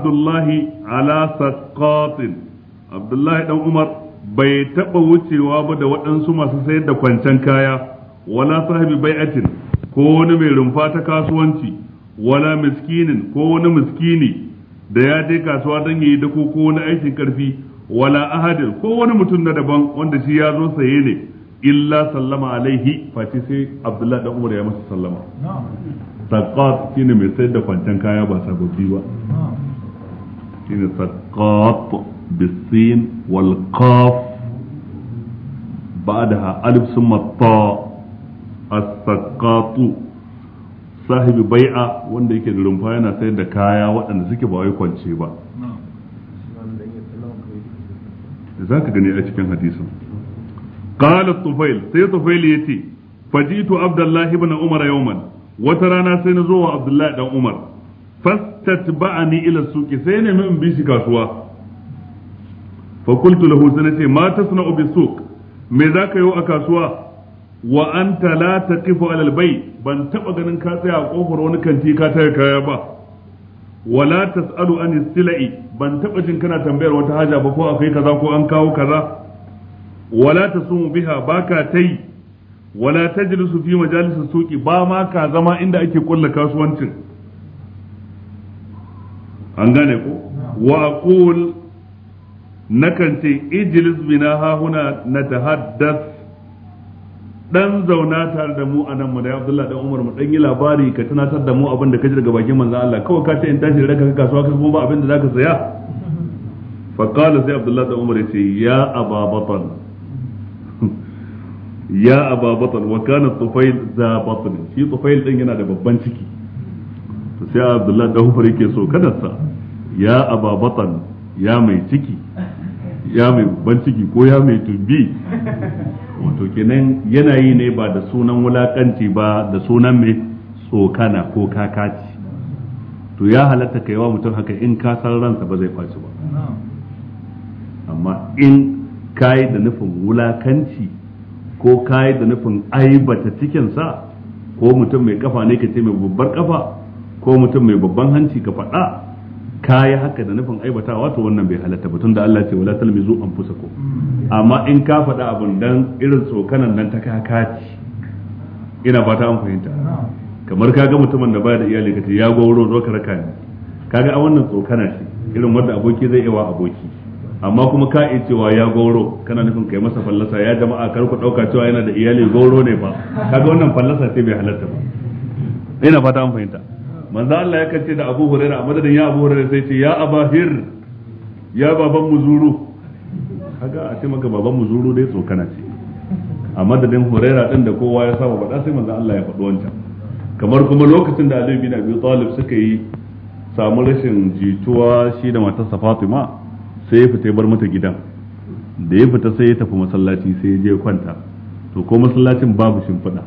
الله abdullahi سقاط عبد abdullahi dan umar bai taɓa wucewa ba da waɗansu masu sayar da kwancen kaya wala sahibi bai'atin ko wani mai rumfa ta kasuwanci wala miskinin ko wani miskini da ya je kasuwa don yi dako ko wani aikin karfi wala ahadin ko wani mutum na daban wanda shi ya zo saye ne illa sallama alaihi face sai abdullahi dan umar ya masa sallama saqat shine mai sayar da kwantan kaya ba sababbi ba shine saqat bisin ba da بعدها ألف ثم الطاء السقاط صاحب بيعة wanda yake da rumfa yana sayar da kaya waɗanda suke ba wai kwance ba za ka gani a cikin hadisin قال الطفيل سيد طفيل يتي فجئت عبد الله بن عمر يوما wata rana sai na zo wa abdullahi dan umar fastatba'ani ila suki sai ne min bi shi kasuwa fa qultu lahu sai ma tasna'u bi suq me zaka yi a kasuwa wa anta la taqifu ala albay ban taba ganin ka tsaya a kofar wani kanti ka taya kaya ba wala tasalu an silai ban taba jin kana tambayar wata haja ba ko akai kaza ko an kawo kaza la tasumu biha baka tai wala tajlisu fi majalisin suki ba ma ka zama inda ake kulla kasuwancin an gane ko wa aqul nakan ce ijlis bina ha huna natahaddath dan zauna tare da mu a nan mu da Abdullahi dan Umar mu dan yi labari ka tunatar da mu abin da kaji daga bakin manzon Allah kawai ka ce in tashi daga kasuwa ka kuma ba abin da zaka saya fa qala sai Abdullahi dan Umar yace ya ababatan Batan ya aba batan wa kana tufail za batan shi tufail din yana da babban ciki to sai abdullah da hufar yake so kadarsa ya aba batan ya mai ciki ya mai babban ciki ko ya mai tumbi wato kenan yanayi ne ba da sunan wulakanci ba da sunan mai tsokana ko kakaci to ya halatta ka wa mutum haka in ka san ransa ba zai kwaci ba amma in ka yi da nufin wulakanci ko kayi da nufin aibata cikinsa ko mutum mai kafa ne ka ce mai babbar kafa ko mutum mai babban hanci ka faɗa kayi haka da nufin aibatawa to wannan bai halatta ba tunda Allah ce wala talmizu ko amma in ka faɗa abun dan irin tsokanan nan ta kaci, ina fata an fahimta kamar ka ga mutumin da baya da iyali ce ya gwauro zo ka raka ni kaga a wannan tsokana ce irin wanda aboki zai wa aboki amma kuma ka iya cewa ya goro kana nufin kai masa fallasa ya jama'a kar ku dauka cewa yana da iyali goro ne ba kaga wannan fallasa sai bai halarta ba ina fata an fahimta manzo Allah ya kace da Abu Hurairah a madadin ya Abu Hurairah sai ce ya Abahir ya baban muzuru kaga a ce maka baban muzuru dai tsokana ce a madadin Hurairah din da kowa ya saba faɗa sai manzo Allah ya faɗo wancan kamar kuma lokacin da Ali bin Abi Talib suka yi samu rashin jituwa shi da matarsa Fatima sai ya fita ya bar mata gidan da ya fita sai ya tafi masallaci sai ya je kwanta to ko masallacin babu shimfiɗa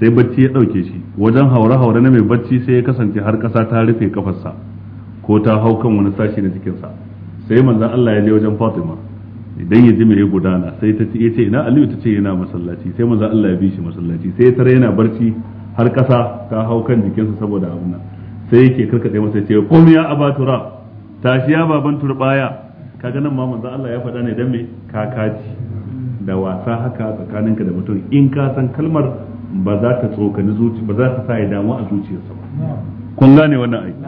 sai bacci ya ɗauke shi wajen haure-haure na mai bacci sai ya kasance har ƙasa ta rufe kafarsa ko ta hau kan wani sashi na jikinsa sai manzan Allah ya je wajen Fatima idan ya ji me ya gudana sai ta ce ce ina Aliyu ta ce yana masallaci sai manzan Allah ya bi shi masallaci sai ya tare yana barci har ƙasa ta hau kan jikinsa saboda abuna sai yake karkade masa ya ce qum ya abatura tashi ya baban turbaya kaga nan ma manzo Allah ya faɗa ne dan me kakaci da wasa haka tsakaninka da mutum in ka san kalmar ba za ta tsokani zuci ba za ta sa ya damu a zuciyarsa ba kun gane wannan aiki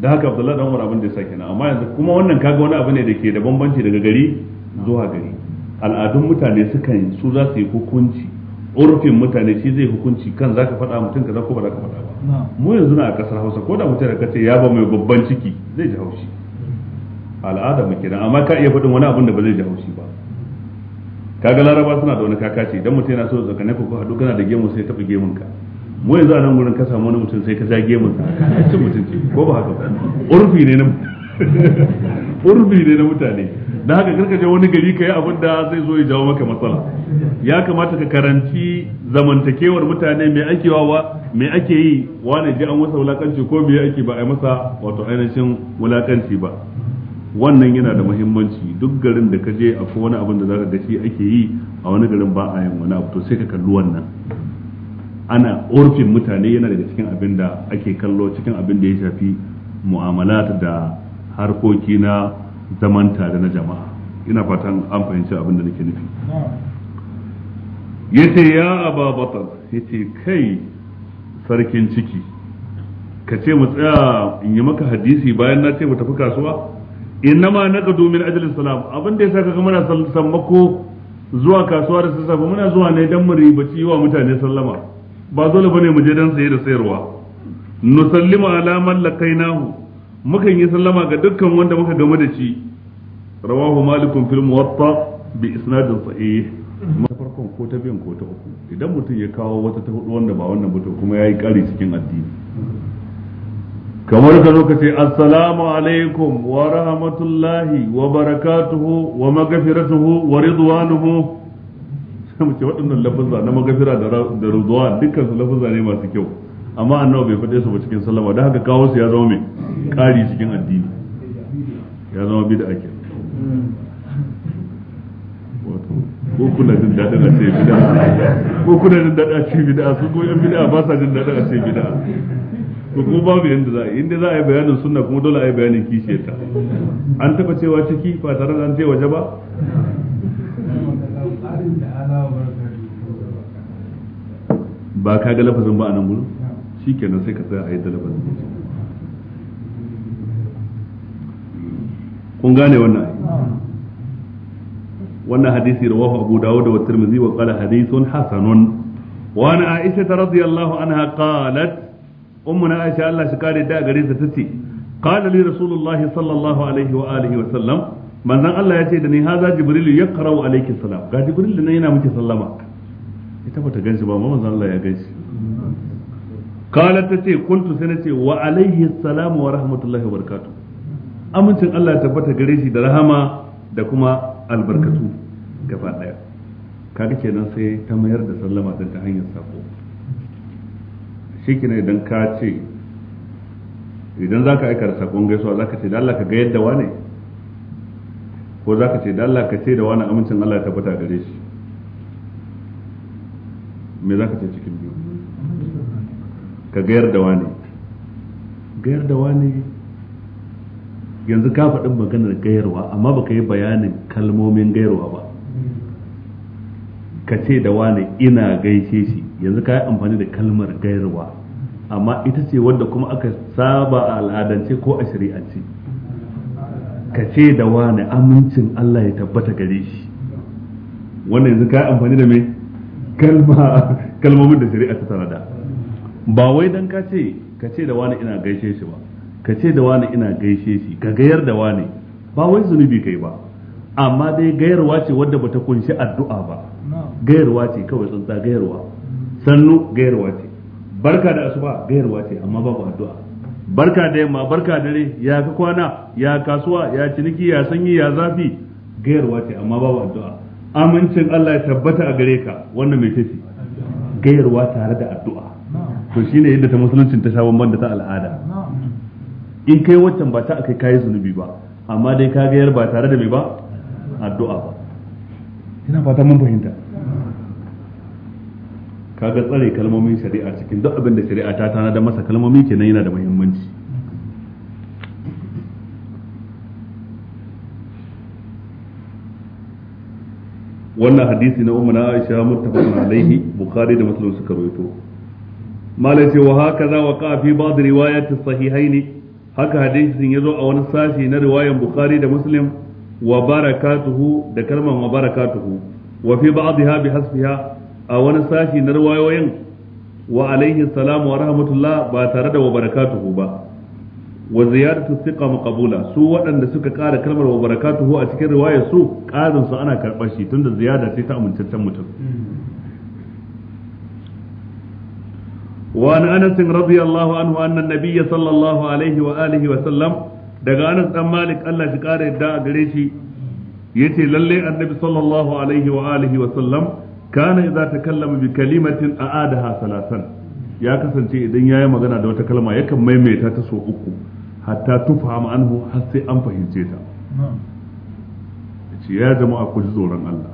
da haka Abdullahi dan Umar abin da ya sake na amma yanzu kuma wannan kaga wani abu ne da ke da bambanci daga gari zuwa gari al'adun mutane sukan su za su yi hukunci urfin mutane shi zai hukunci kan zaka faɗa mutum kaza ko ba za ka faɗa ba mu yanzu na a kasar Hausa ko da mutum da kace ya ba mai babban ciki zai ji haushi al'ada mu kenan amma ka iya faɗin wani abin da ba zai ji haushi ba kaga laraba suna da wani kakaci idan mutum yana so tsakanin ku ko hadu kana da gemu sai tafi gemun ka mu yanzu a nan gurin ka samu wani mutum sai ka ja gemun ka cin mutum ce ko ba haka ba urfi ne na urfi ne na mutane da haka karka je wani gari ka yi abin da zai zo ya jawo maka matsala ya kamata ka karanci zamantakewar mutane mai ake wa mai ake yi wani ji an wasa wulakanci ko mai ake ba a yi masa wato ainihin wulakanci ba wannan yana da muhimmanci duk garin da ka je akwai wani abin da zaka ka shi ake yi a wani garin ba a yin wani abu to sai ka kalli wannan ana orfin mutane yana daga cikin abin da ake kallo cikin abin da ya shafi mu'amalat da harkoki na zaman tare na jama'a ina fatan an fahimci abin da nake nufi yace ya aba batal yace kai sarkin ciki ka ce mu tsaya in yi maka hadisi bayan na ce mu tafi kasuwa innama ka domin ajalin salam abin da ya saka kaga muna sammako zuwa kasuwa da sassafe muna zuwa ne dan mu ribaci wa mutane sallama ba zole bane mu je dan saye da sayarwa sallima ala man laqainahu mukan yi sallama ga dukkan wanda muka game da shi rawahu malikun fil muwatta bi isnadin sahih ma farkon ko ta biyan ko ta uku idan mutum ya kawo wata ta hudu wanda ba wannan ba to kuma yayi kari cikin addini kamar ka zo ka ce assalamu alaikum wa rahmatullahi wa barakatuhu wa magafiratuhu wa ridwanuhu sai mu ce waɗannan lafazza na magafira da ridwan dukkan su ne masu kyau amma annabi bai faɗe su ba cikin sallama don haka kawo su ya zama mai ƙari cikin addini ya zama bi da ake ko kuna jin daɗin a ce bid'a ko kuna jin daɗin a ce bid'a su ko yan bid'a ba sa jin daɗin a ce bid'a to kuma babu yanda za a yi inda za a yi bayanin sunna kuma dole a yi bayanin kishiyarta an taba cewa ciki ba tare da an ce waje ba ba ka ga lafazin ba a nan gudu shi kenan sai ka tsaya a yi da lafazin kun gane wannan wannan hadisi wafa abu dawo da wa tirmidhi wa kala hadisun hasanun wa an ta radiyallahu anha qalat ummu na aisha Allah shi kare da gare ta tace qala li rasulullahi sallallahu alaihi wa alihi wa sallam manzon Allah ya ce da ni haza jibril yaqra'u alayki salam ga jibril ne yana miki sallama ita bata ganshi ba amma manzon Allah ya ganshi qalat tace kuntu sai nace wa alayhi salam wa rahmatullahi wa barakatuh amincin Allah ya tabbata gare da rahama da kuma albarkatu gaba kenan sai ta mayar da sallama ta hanyar sako shi ne idan ka ce idan za ka aikata sakon saƙon gaisuwa za ka ce da Allah ka ga yadda wane ko za ka ce da Allah ka ce da wane amincin Allah ya tabbata gare shi me za ka ce cikin biyu ka gayar da wani gayar da wani yanzu ka faɗin maganar gayarwa amma baka yi bayanin kalmomin gayarwa ba ka ce da wani ina gaishe shi yanzu ka yi amfani da kalmar gairwa amma ita ce wadda kuma aka saba a al'adance ko a shari'ance ka ce da wani amincin Allah ya tabbata gare shi wannan yanzu ka yi amfani da mai kalmomin da shari'a ta tanada ba wai dan ka ce ka ce da wani ina gaishe shi ba ka ce da wani ina gaishe shi ka gayar da wani ba wai zunubi kai ba amma dai gayarwa ce wadda bata kunshi addu'a ba gayarwa ce kawai tsantsa gayarwa sannu gayarwa ce barka da asuba gayarwa ce amma babu addu'a barka da yamma barka da dare ya ka kwana ya kasuwa ya ciniki ya sanyi ya zafi gayarwa ce amma babu addu'a amincin Allah ya tabbata a gare ka wannan mai tafi gayarwa tare da addu'a to shine yadda ta musuluncin ta sha bamban da ta al'ada in kai waccan ba ta akai kayi zunubi ba amma dai ka gayar ba tare da mai ba addu'a ba ina fata mun fahimta kaga tsare kalmomin shari'a cikin duk abin da shari'a ta tana da masa kalmomi kenan yana da muhimmanci wannan hadisi na umma na Aisha muttafaqun alaihi Bukhari da Muslim suka rawaito malai ce wa haka za wa ka fi ba'd riwayat as-sahihayn haka hadisin yazo a wani sashi na riwayan Bukhari da Muslim wa barakatuhu da kalmar wa barakatuhu wa fi ba'dha bi hasbiha a wani sashi na ruwayoyin wa alaihi salam wa rahmatullah ba tare da wa ba wa ziyadatu thiqa maqbula su waɗanda suka ƙara kalmar wa a cikin riwayar su ƙarin su ana karɓar shi tunda ziyada sai ta amintaccen mutum وعن انس رضي الله عنه ان النبي صلى الله عليه واله وسلم daga anas dan malik Allah shi kare yadda a gare shi yace lalle annabi sallallahu alaihi wa alihi wa sallam kana idza takallama bi kalimatin a'adaha salasan ya kasance idan yayi magana da wata kalma yakan maimaita ta so uku hatta tufhama anhu har sai an fahimce ta ce ya jama'a ku ji tsoron Allah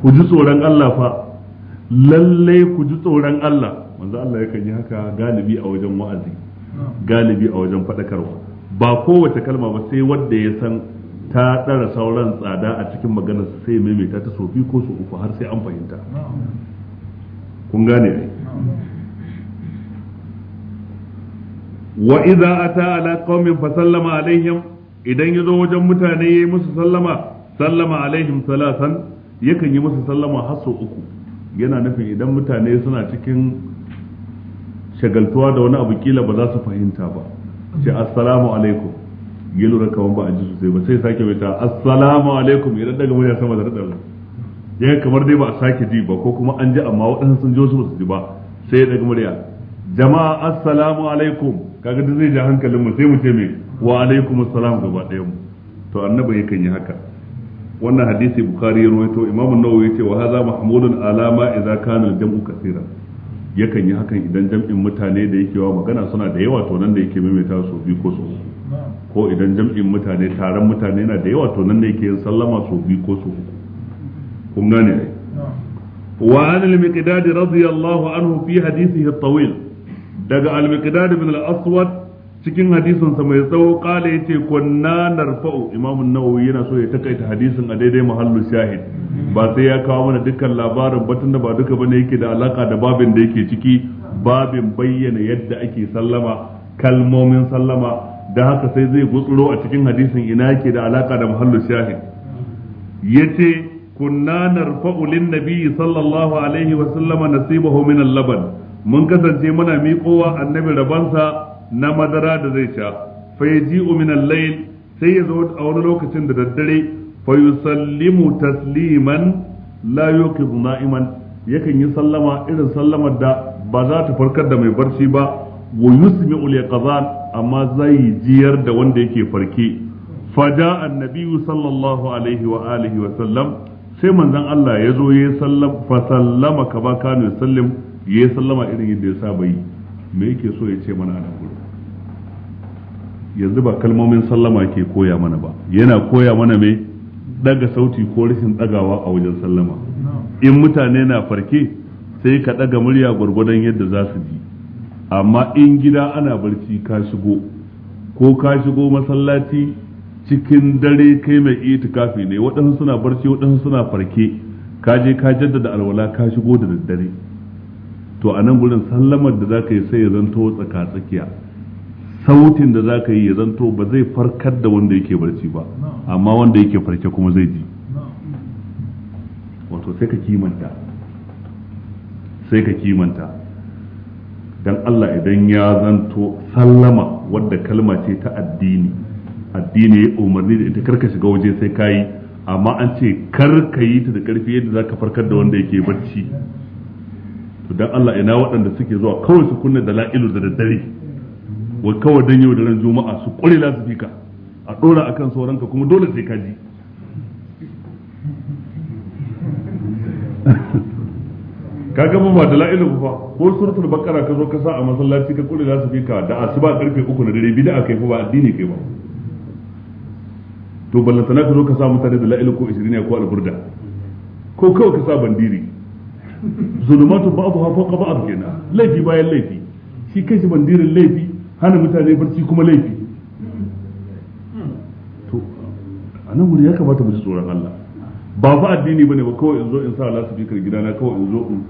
ku ji tsoron Allah fa lallai ku ji tsoron Allah manzo Allah yakan yi haka galibi a wajen wa'azi galibi a wajen fadakarwa ba kowace kalma ba sai wanda ya san ta ɗara sauran tsada a cikin maganar sai maimaita ta sofi ko su uku har sai an fahimta kun gane ne wa idza ata ala qaumin fa sallama alaihim idan yazo wajen mutane yayi musu sallama sallama alaihim salasan yakan yi musu sallama har sau uku yana nufin idan mutane suna cikin shagaltuwa da wani abu kila ba za su fahimta ba ce assalamu alaikum ya lura kamar ba a ji sosai ba sai sake mai assalamu alaikum idan daga murya sama da radar ya kamar dai ba a sake ji ba ko kuma an ji amma waɗansu sun ji wasu ba su ji ba sai ya daga murya jama'a assalamu alaikum kaga duk zai ji hankalin mu sai mu ce mai wa alaikum assalam gaba ɗaya mu to annabi yakan yi haka wannan hadisi bukhari ya rawaito imam an-nawawi yace wa hadha mahmudun alama idza kana al-jam'u kasira yakan yi hakan idan jam'in mutane da yake wa magana suna da yawa to nan da yake maimaita su biyu ko su ko idan jam'in mutane taron mutane na da yawa to nan ne yake yin sallama su biyu ko su uku kun gane ne wa an al-miqdad radiyallahu anhu fi hadithihi at-tawil daga al-miqdad ibn al-aswad cikin hadisin sa mai tsawo kala yace kunna narfa'u imam an-nawawi yana so ya takaita hadisin a daidai mahallu shahid ba sai ya kawo mana dukkan labarin batun da ba duka bane yake da alaka da babin da yake ciki babin bayyana yadda ake sallama kalmomin sallama Da haka sai zai gutsuro a cikin hadisin ina yake da alaka da muhallu shahid yace kunna narfa'u lin nabiyyi sallallahu alaihi wa sallama nasibahu min al-laban mun kasance muna miƙowa annabi rabansa na madara da zai sha fa yaji'u min al-layl sai ya zo a wani lokacin da daddare fa yusallimu tasliman la na'iman yakan yi sallama irin sallamar da ba za ta farkar da mai barci ba wa yusmi'u liqazan amma zai jiyar da wanda yake farke fada annabi sallallahu alaihi wa alihi wa sallam sai manzon Allah ya zo ya sallam fa sallama ka ba ne sallim ya sallama irin yadda ya saba yi me yake so ya ce mana a nan yanzu ba kalmomin sallama ke koya mana ba yana koya mana me daga sauti ko rashin dagawa a wajen sallama in mutane na farke sai ka daga murya gwargwadon yadda za su ji amma in gida ana barci ka shigo ko ka shigo masallaci cikin dare kai mai itikafi ne waɗansu suna barci waɗansu suna farke ka je ka jaddada alwala ka shigo da daddare to a nan gurin sallamar da za ka yi sai ya zanto tsaka tsakiya sautin da za ka yi ya zanto ba zai farkar da wanda yake barci ba amma wanda yake farke kuma zai ji wato sai ka kimanta sai ka kimanta dan Allah idan ya zanto sallama wadda kalma ce ta addini addini ya umarni da ita karka shiga waje sai kayi amma an ce karka yi ta da karfi yadda za ka farkar da wanda yake barci to dan Allah ina waɗanda suke zuwa kawai su kunna dala'ilu da daddare wai kawai dan yau da ran juma'a su kure fika a dora akan sauranka kuma dole sai ka ji ka gama ma da la'ilu fa ko suratul baqara ka zo ka sa a masallaci ka kure za su bi ka da asuba karfe 3 na dare da kai fa ba addini kai ba to ballantana ka zo ka sa mutane da la'ilu ko ne ko alburda ko kawai ka sa bandiri zulumatu ba'dha fawqa ba'd kenan laifi bayan laifi shi shi bandirin laifi hana mutane barci kuma laifi to a nan wuri ya kamata mu ji tsoron Allah ba fa addini bane ba kawai in zo in sa lasifika gidana kawai in zo in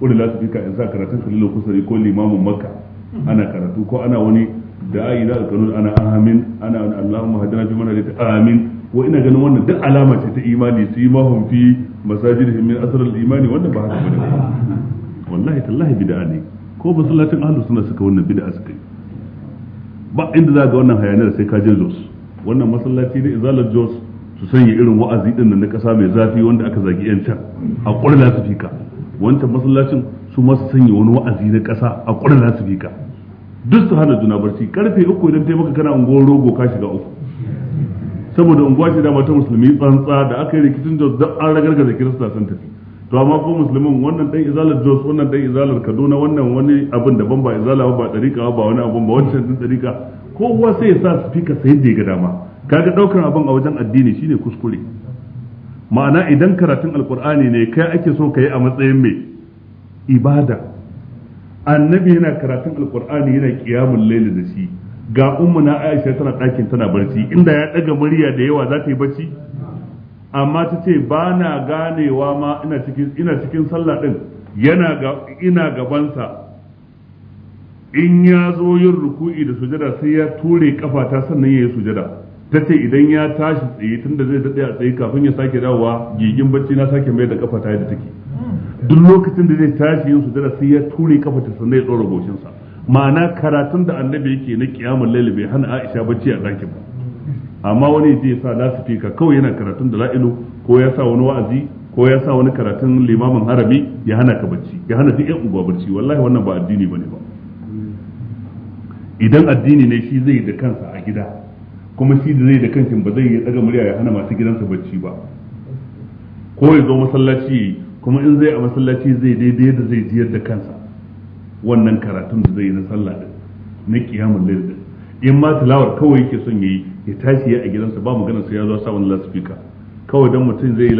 kuri lasifika in sa karatun kalilu kusuri ko limamin makka ana karatu ko ana wani da ayi da alkanun ana amin ana wani allahumma hadina fi mana da amin wa ina ganin wannan duk alama ce ta imani su yi mahun fi masajidihim min asr al-imani wannan ba haka bane wallahi tallahi bid'a ne ko masallacin ahlus sunna suka wannan bid'a suka yi ba inda za ga wannan hayaniyar sai ka je Jos wannan masallaci ne izalar Jos su sanya irin wa'azi din na kasa mai zafi wanda aka zagi yan can a ƙwarla su fika wancan masallacin su masu sanya wani wa'azi na kasa a ƙwarla su fika duk su hana juna barci karfe uku idan ta maka kana unguwar rogo ka shiga uku saboda unguwa ce dama ta musulmi tsantsa da aka yi rikicin jos da an ragargaza kirista sun tafi to amma ko musulmin wannan dan izalar jos wannan dan izalar kaduna wannan wani abin daban ba izala ba dariƙa ba wani abin ba wancan dariƙa kowa sai ya sa su fika sai da ya ga dama kaga daukar abin a wajen addini shine kuskure ma'ana idan karatun alkur'ani ne kai ake so ka yi a matsayin mai ibada annabi yana karatun alkur'ani yana kiyamun laili da shi ga ummu na aisha tana ɗakin tana barci inda ya ɗaga murya da yawa za ta yi barci amma ta ce ba na ganewa ma ina cikin ina cikin sallah din yana ga ina gabansa in ya zo yin ruku'i da sujada sai ya ture kafata sannan ya yi sujada ta ce idan ya tashi tsaye tun da zai daɗe a tsaye kafin ya sake dawowa gigin bacci na sake mai da kafa ta da take duk lokacin da zai tashi yin su sai ya ture kafa ta sannan ya tsora goshinsa ma'ana karatun da annabi yake na kiyamun laili bai hana Aisha bacci a ɗakin ba amma wani ya sa fika kawai yana karatun da la'ilu ko ya sa wani wa'azi ko ya sa wani karatun limamin harami ya hana ka bacci ya hana duk yan uba bacci wallahi wannan ba addini bane ba idan addini ne shi zai da kansa a gida kuma shi da zai da kanshi ba zai ya daga murya ya hana masu gidansa bacci ba ko ya zo masallaci kuma in zai a masallaci zai daidai yadda zai jiyar da kansa wannan karatun da zai yi na sallah din na qiyamul layl din in ma tilawar kawai yake son yayi ya tashi ya a gidansa ba magana sai ya zo sa wani lasfika kawai dan mutum zai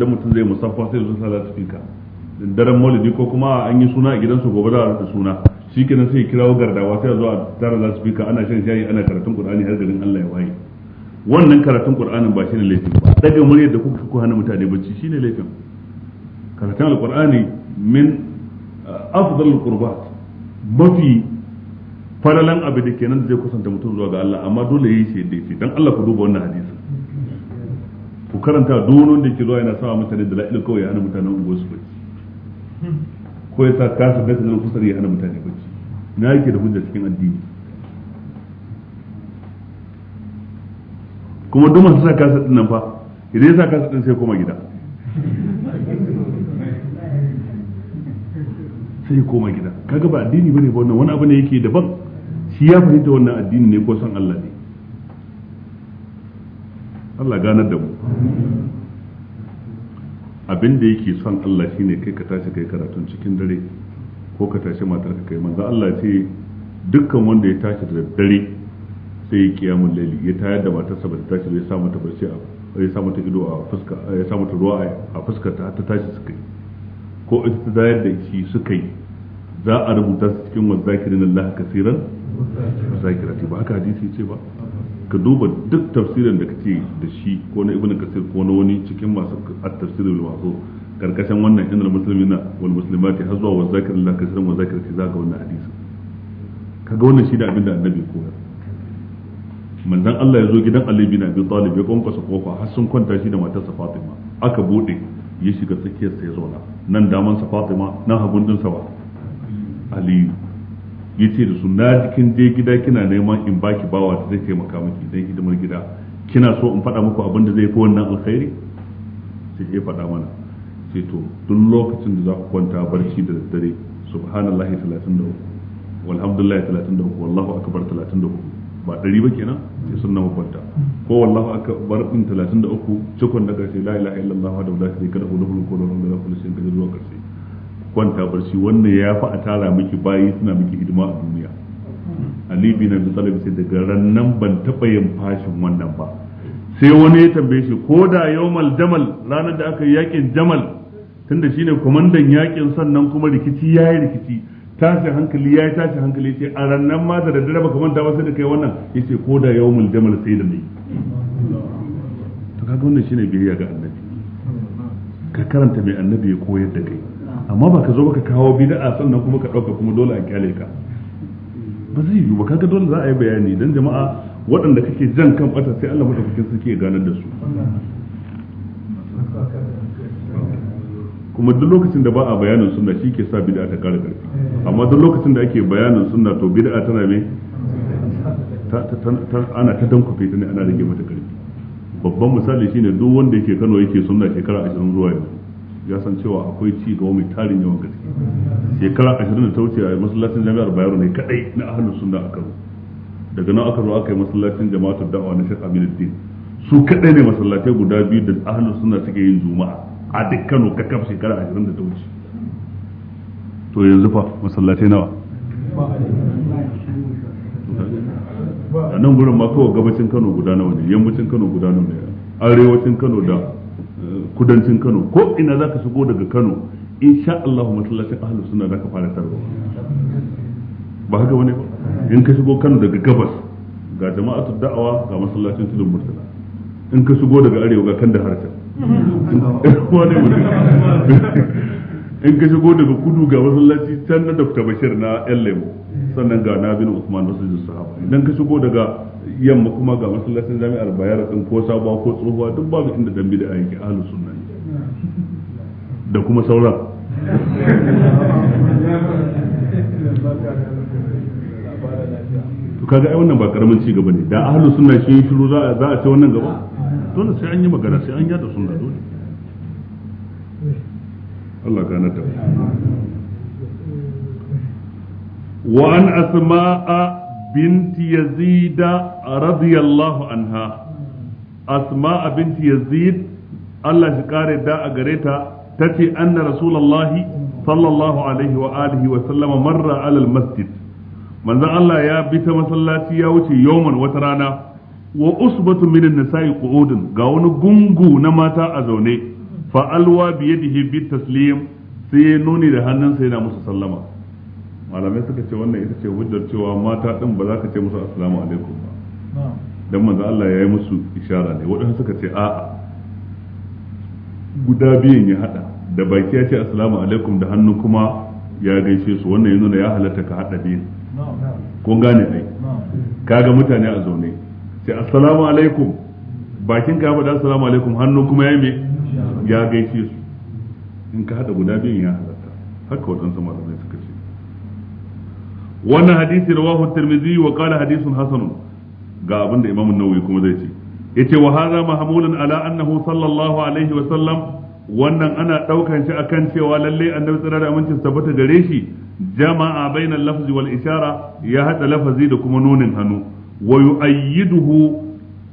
dan mutum zai musaffa sai zo sa lasfika daren maulidi ko kuma an yi suna a gidansa gobe za a rufe suna shi kenan sai kirawo gardawa sai zo a tara fika ana shan shayi ana karatun qur'ani har garin Allah ya waye wannan karatun qur'anin ba shine laifin ba daga muryar da kuka kuka hana mutane bacci shine laifin karatun alqur'ani min uh, afdal qurbat mafi faralan abu da kenan da zai kusanta mutum zuwa ga Allah amma dole yayi shi daidai dan Allah ku duba wannan hadisi ku karanta duk wanda ke zuwa yana sawa mutane da la'ila kawai ya hana mutanen ungo su bacci ko ya sa kasa bai sanar kusa ya hana mutane bacci na yake da hujja cikin addini kuma duk masu sa kasa din nan fa idan ya sa kasa din sai koma gida sai koma gida kaga ba addini bane ba wannan wani abu ne yake daban shi ya fahimta wannan addini ne ko son Allah ne Allah ganar da mu abin da yake son Allah shine kai ka tashi kai karatun cikin dare ko ka tashi matar ka kai manzo Allah ce dukkan wanda ya tashi da dare sai ya kiyamu laili ya tayar da matarsa ba ta tashi bai sa mata barci a ya sa mata ido a fuska ya sa mata ruwa a fuska ta ta tashi suka yi ko ita ta dayar da shi suka yi za a rubuta su cikin wazakirin Allah kasiran zakirati ba haka hadisi ce ba ka duba duk tafsirin da kace da shi ko na ibnu kasir ko na wani cikin masu at-tafsirul masu karkashin wannan innal muslimina wal muslimati hazwa wa zakarillah kasiran wa zakirati zaka wannan hadisi kaga wannan shi da abin da annabi koyar manzon Allah ya zo gidan Ali bin Abi Talib ya kwankwasa kofa har sun kwanta shi da matarsa Fatima aka bude ya shiga tsakiyar sai zauna nan daman sa Fatima nan hagun din sa wa Ali yace da su na jikin je gida kina neman in baki bawa ta zai taimaka miki zai hidimar gida kina so in faɗa muku abin da zai fi wannan alkhairi sai ya faɗa mana sai to duk lokacin da za ku kwanta barci da daddare subhanallahi 33 walhamdulillahi 33 wallahu akbar 33 ba dari ba kenan sai sun na kwanta ko wallahu akbar din 33 cikon da karshe la ilaha illallah wa la sharika lahu lahul mulku wa na hamdu wa huwa karshe kwanta barci wannan ya fi a tara miki bayi suna miki hidima a duniya Ali bin Abi Talib sai daga rannan ban taɓa yin fashin wannan ba sai wani ya tambaye shi ko da yawmal jamal ranar da aka yi yakin jamal tunda shine kwamandan yakin sannan kuma rikici ya yi rikici tashin hankali ya yi tashin hankali ce a rannan ma da daddare ba kamar ba sai da kai wannan ya ce ko da yawmul jamal sai da ni to kaga wannan shine biyayya ga annabi ka karanta mai annabi ya koyar da kai amma ba ka zo ka kawo bid'a sannan kuma ka ɗauka kuma dole a kyale ka ba zai yiwu ba kaga dole za a yi bayani dan jama'a waɗanda kake jan kan ɓata sai Allah madaukakin suke ganar da su kuma duk lokacin da ba a bayanin sunna shi ke sa bid'a ta ƙara karfi amma duk lokacin da ake bayanin sunna to bid'a tana me ana ta dankwafe ta ne ana rage mata karfi babban misali shine duk wanda yake Kano yake sunna shekara 20 zuwa yau ya san cewa akwai ci ga mai tarin yawan gaske shekara ashirin da ta wuce a masallacin jami'ar bayero ne kadai na ahalin sunna a karo daga nan aka zo aka yi masallacin jama'atul da'awa na shek aminuddin su kadai ne masallatai guda biyu da ahalin sunna suke yin juma'a a duk kano kakaf shekara ashirin da ta wuce to yanzu fa masallatai nawa a nan gurin ma kawai gabacin kano guda nawa ne yammacin kano guda nawa ne arewacin kano da kudancin Kano ko ina za ka shigo daga Kano insha Allah masallacin ahlus sunna ka fara tarwa ba haka wani ba in ka shigo Kano daga gabas ga jama'atu da'awa ga masallacin tudun murtala in ka shigo daga arewa ga kan da harta in ka shigo daga kudu ga masallaci can na dr bashir na yan lemo sannan ga na bin usman jin sahaba idan ka shigo daga yamma kuma ga masallacin jami'ar bayar din ko sabuwa ko tsohuwa duk babu inda dan bid'a yake ahlus sunna da kuma sauran to kaga ai wannan ba karamin ci gaba ne da ahlus sunna shi shiru za a ce wannan gaba dole sai an yi magana sai an yada sunna dole Allah gane da wa an asma'a binti yazid radiyallahu anha asma'a binti yazid Allah shi kare da a gare ta tace anna rasulullahi sallallahu alaihi wa alihi wa sallama marra ala masjid manzon Allah ya bi ta masallaci ya wuce yawman wata rana wa usbatu minan nisa'i qu'udun ga wani gungu na mata a zaune Fa'alwa alwa da yadihi bit taslim sai ya nuni da hannunsa yana musu sallama malamai suka ce wannan ita ce hujjar cewa mata ɗin ba za ka ce musu assalamu alaikum ba dan manzo Allah ya yi musu ishara ne waɗansu suka ce a'a guda biyun ya haɗa da baki ya ce assalamu alaikum da hannu kuma ya gaishe su wannan ya nuna ya halatta ka hada biyun kun gane ai kaga mutane a zaune ce assalamu alaikum bakin ka ya faɗa assalamu alaikum hannu kuma ya me ya gaishe su in ka hada guda biyun ya halatta haka waɗansu malamai suka ce wannan hadisi rawahu tirmidhi wa qala hadithun hasanun ga abin da imamu nawawi kuma zai ce yace wa hadha mahmulun ala annahu sallallahu alaihi wa sallam wannan ana daukan shi akan cewa lalle annabi tsira da amincin tabbata gare shi jama'a bainal lafzi wal ishara ya hada lafazi da kuma nunin hannu wa yu'ayyiduhu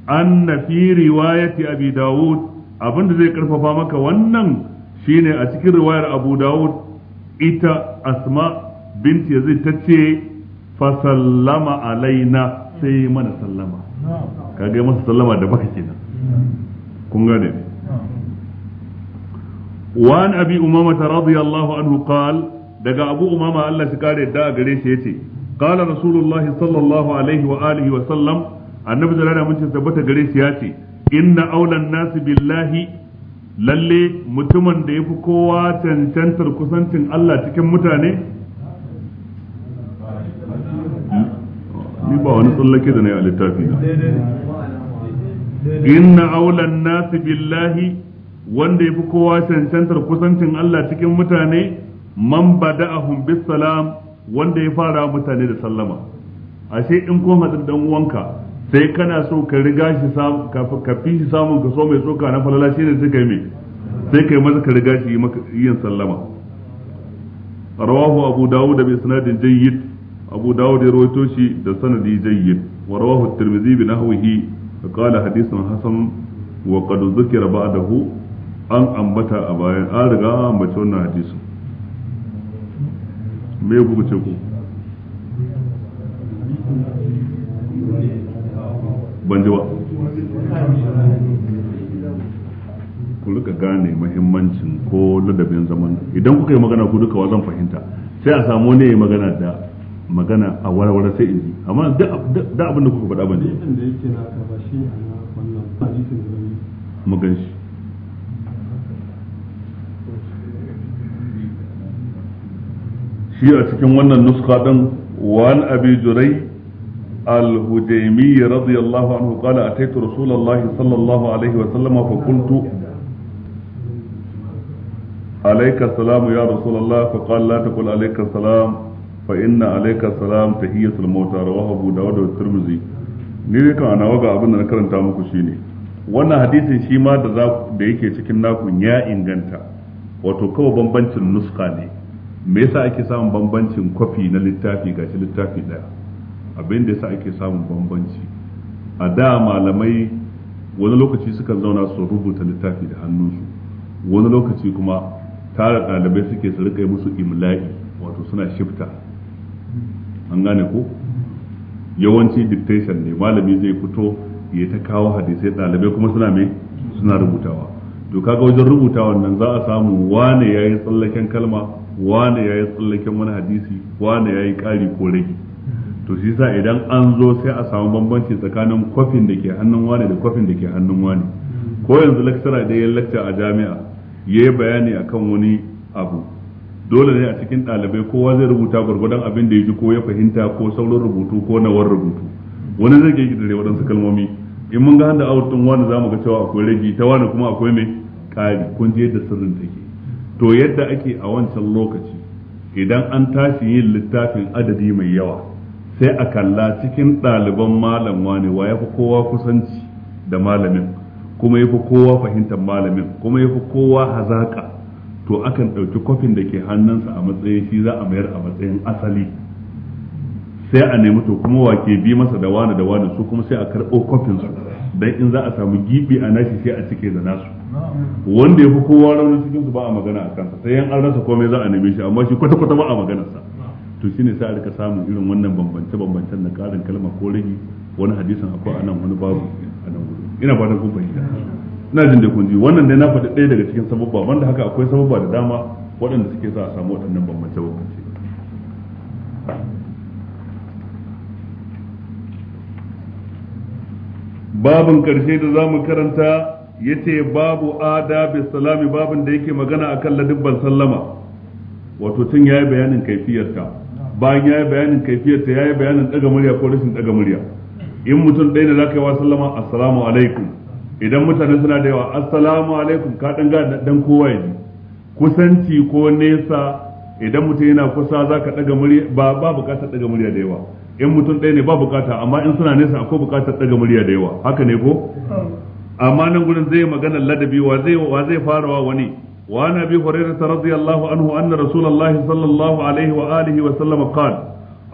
anna fi riwayati abi daud abinda zai karfafa maka wannan shine a cikin riwayar abu daud ita asma binti yazid ta ce fa sallama alaina sai mana sallama kaga masa sallama da baka kenan kun gane وعن أبي أمامة رضي الله عنه قال دقى أبو أمامة الله شكاري دا قريش يتي قال رسول الله صلى الله عليه وآله وسلم annabi da rana mun tabbata gare shi ya ce inna aulan nasu billahi lalle mutumin da yafi kowa cancantar kusancin Allah cikin mutane ni ba wani tsallake da na yi a littafi na inna aulan nasu billahi wanda yafi kowa cancantar kusancin Allah cikin mutane man bada'ahum bis salam wanda ya fara mutane da sallama ashe in kun hadin dan uwanka sai kana so ka riga shi ka fi shi samun so mai tsoka na falala shi ne sai yi mai sai kai masa ka riga shi yin sallama rawahu abu dawud bi sanadin jayyid abu dawud ya rawaito shi da sanadi jayyid wa rawahu at-tirmidhi bi nahwihi fa qala hadithun hasan wa qad dhukira ba'dahu an ambata a bayan an riga an wannan hadisi me kuka ce ku ban ji ba ku gane mahimmancin ko ladabin zaman idan kuka yi magana ku duka zan fahimta sai a samu ne magana da magana a warware sai in ji amma da abin da kuka faɗa ban ji shi a cikin wannan nuska ɗin wa abi jurai الهديمي رضي الله عنه قال أتيت رسول الله صلى الله عليه وسلم فقلت عليك السلام يا رسول الله فقال لا تقل عليك السلام فإن عليك السلام تحية الموتى رواه أبو داود والترمذي ni kan ana waga abin da na karanta muku shine wannan hadisin shi ma da da yake cikin naku ya inganta wato kawai bambancin nuska ne me yasa ake samun bambancin kwafi na littafi gashi littafi daya abin da yasa ake samun bambanci a da malamai wani lokaci suka zauna su rubuta littafi da hannunsu wani lokaci kuma tara ɗalibai suke su rika musu imla'i wato suna shifta an gane ko yawanci dictation ne malami zai fito ya ta kawo hadisai ɗalibai kuma suna mai suna rubutawa to kaga wajen rubuta wannan za a samu wane yayi tsallaken kalma wane yayi tsallaken wani hadisi wane yayi ƙari ko rage to shi sa idan an zo sai a samu bambanci tsakanin kwafin da ke hannun wani da kwafin da ke hannun wani ko yanzu lakcara da ya lakta a jami'a ya yi bayani akan wani abu dole ne a cikin ɗalibai kowa zai rubuta gwargwadon abin da ya ji ko ya fahimta ko sauran rubutu ko nawar rubutu wani zai gaji da waɗansu kalmomi in mun ga hannu a ɗin wani za mu ga cewa akwai rage ta wani kuma akwai mai ƙari kun ji yadda sirrin take to yadda ake a wancan lokaci idan an tashi yin littafin adadi mai yawa sai a kalla cikin ɗaliban malam wane wa ya fi kowa kusanci da malamin kuma ya fi kowa fahimtar malamin kuma ya fi kowa hazaƙa to akan ɗauki kwafin da ke hannunsa a matsayin shi za a mayar a matsayin asali sai a nemi to kuma wa ke bi masa da wani da wani su kuma sai a karɓo kwafin su dan in za a samu gibi a nashi sai a cike da nasu wanda ya fi kowa raunin cikin su ba a magana a kansa sai yan an rasa komai za a neme shi amma shi kwata kwata ba a maganarsa to shine sai a rika samun irin wannan bambance bambancen da karin kalma ko rage wani hadisin akwai a nan wani babu a nan gudu ina ba da kun fahimta ina jin da kun ji wannan dai na faɗi ɗaya daga cikin sababba wanda haka akwai sababba da dama waɗanda suke sa a samu waɗannan bambance bambance babin ƙarshe da za mu karanta yace babu adabi salami babin da yake magana akan ladibban sallama wato tun yayi bayanin kaifiyarta bayan ya yi bayanin kaifiyarta ya yi bayanin daga murya ko rashin daga murya in mutum ɗaya ne za ka yi wa sallama assalamu alaikum idan mutane suna da yawa assalamu alaikum ka ɗan ga ɗan kowa ya ji kusanci ko nesa idan mutum yana kusa za ka ɗaga murya ba ba buƙatar ɗaga murya da yawa in mutum ɗaya ne ba buƙata amma in suna nesa akwai buƙatar ɗaga murya da yawa haka ne ko oh. amma nan gurin zai magana ladabi wa zai wa zai farawa wani وعن ابي هريره رضي الله عنه ان رسول الله صلى الله عليه واله وسلم قال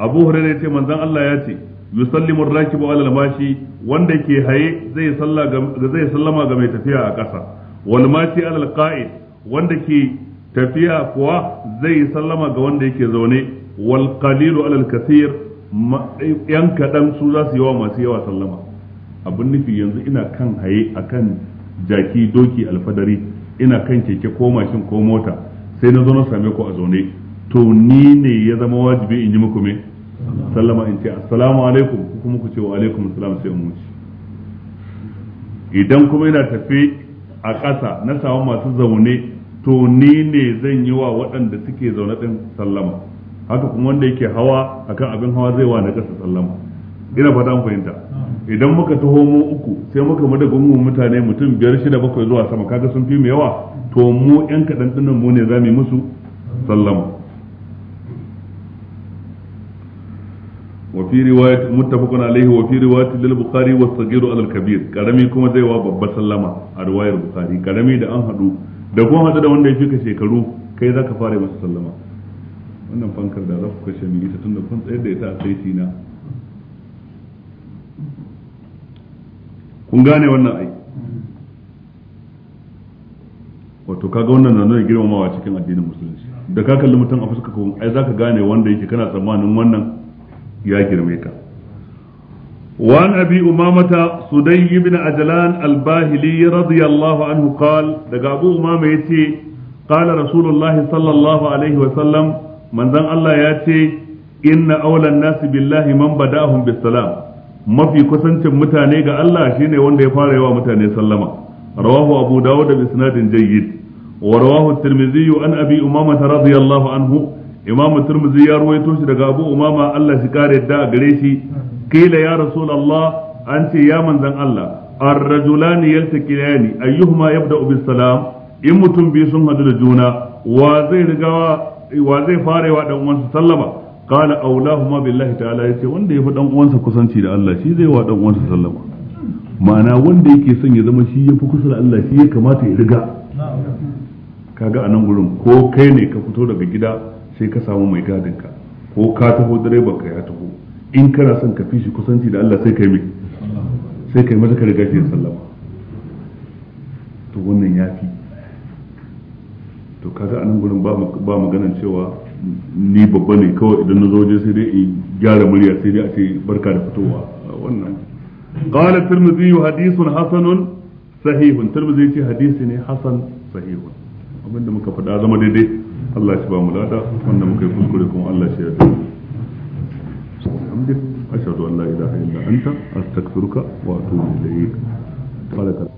ابو هريره من الله ياتي yusallimu rakibu alal mashi wanda ke haye zai salla sallama ga mai tafiya a ƙasa wal mashi alal qa'id wanda ke tafiya kuwa zai sallama ga wanda yake zaune wal qalilu alal yan su za su yawa masu yawa sallama abin nufi yanzu ina kan haye akan jaki doki alfadari ina kan keke ko mashin ko mota sai na zo na same ku a zaune to ni ne ya zama wajibi in yi muku me sallama in ce assalamu alaikum ku kuma ku ce wa alaikum assalam sai in wuce idan kuma ina tafi a ƙasa na samu masu zaune to ni ne zan yi wa waɗanda suke zaune ɗin sallama haka kuma wanda yake hawa akan abin hawa zai wa na ƙasa sallama ina fata an fahimta idan muka taho mu uku sai muka mu da gungun mutane mutum biyar shida bakwai zuwa sama kaga sun fi mu yawa to mu yan kaɗan ɗinnan mu ne za mu musu sallama. wa fi riwayat muttafaqun alayhi wa fi riwayat lil bukhari wa sagir al kabir karami kuma zai wa babbar sallama a riwayar bukhari karami da an hadu da kuma hadu da wanda ya fika shekaru kai zaka fara masa sallama wannan fankar da za ku kashe ni ita tunda kun tsayar da ita a kai na kun gane wannan ai wato kaga wannan na nuna girmamawa cikin addinin musulunci da ka kalli mutum a fuska ko ai zaka gane wanda yake kana tsammanin wannan ya girme ka وعن أبي أمامة سدي بن أجلان الباهلي رضي الله عنه قال دقى أبو أمامة يتي قال رسول الله صلى الله عليه وسلم من ذن الله ياتي إن أولى الناس بالله من بدأهم بالسلام mafi kusancin mutane ga Allah shine wanda ya fara yawa mutane sallama rawahu abu dawud da isnadin jayyid wa rawahu tirmidhi an abi umama radiyallahu anhu imamu tirmidhi ya ruwaito shi daga abu umama Allah shi kare da gare shi kila ya rasulullah an ce ya manzan Allah ar-rajulani yaltaqiyani ayyuhuma yabda'u bis salam in mutum biyu sun hadu da juna wa zai rigawa wa zai fara yawa dan uwansa sallama qala awlahuma billahi ta'ala yace wanda yafi dan uwansa kusanci da Allah shi zai wa dan uwansa sallama ma'ana wanda yake son ya zama shi yafi kusa da Allah shi ya kamata ya riga kaga a nan gurin ko kai ne ka fito daga gida sai ka samu mai gadin ka ko ka taho direban ka ya taho in kana son ka fi shi kusanci da Allah sai kai mai sai kai masa ka riga shi sallama to wannan yafi to kaga a nan gurin ba maganan cewa ni babba ne kawai idan na zoje sai dai in gyara murya sai dai a ce barka da fitowa wannan qala tirmidhi hadithun hasanun sahihun tirmidhi ce hadisi ne hasan sahihun abinda muka faɗa zama daidai Allah shi ba mu lada wanda muka yi kuskure kuma Allah shi ya yarda alhamdulillah ashhadu an la ilaha illa anta astaghfiruka wa atubu ilayk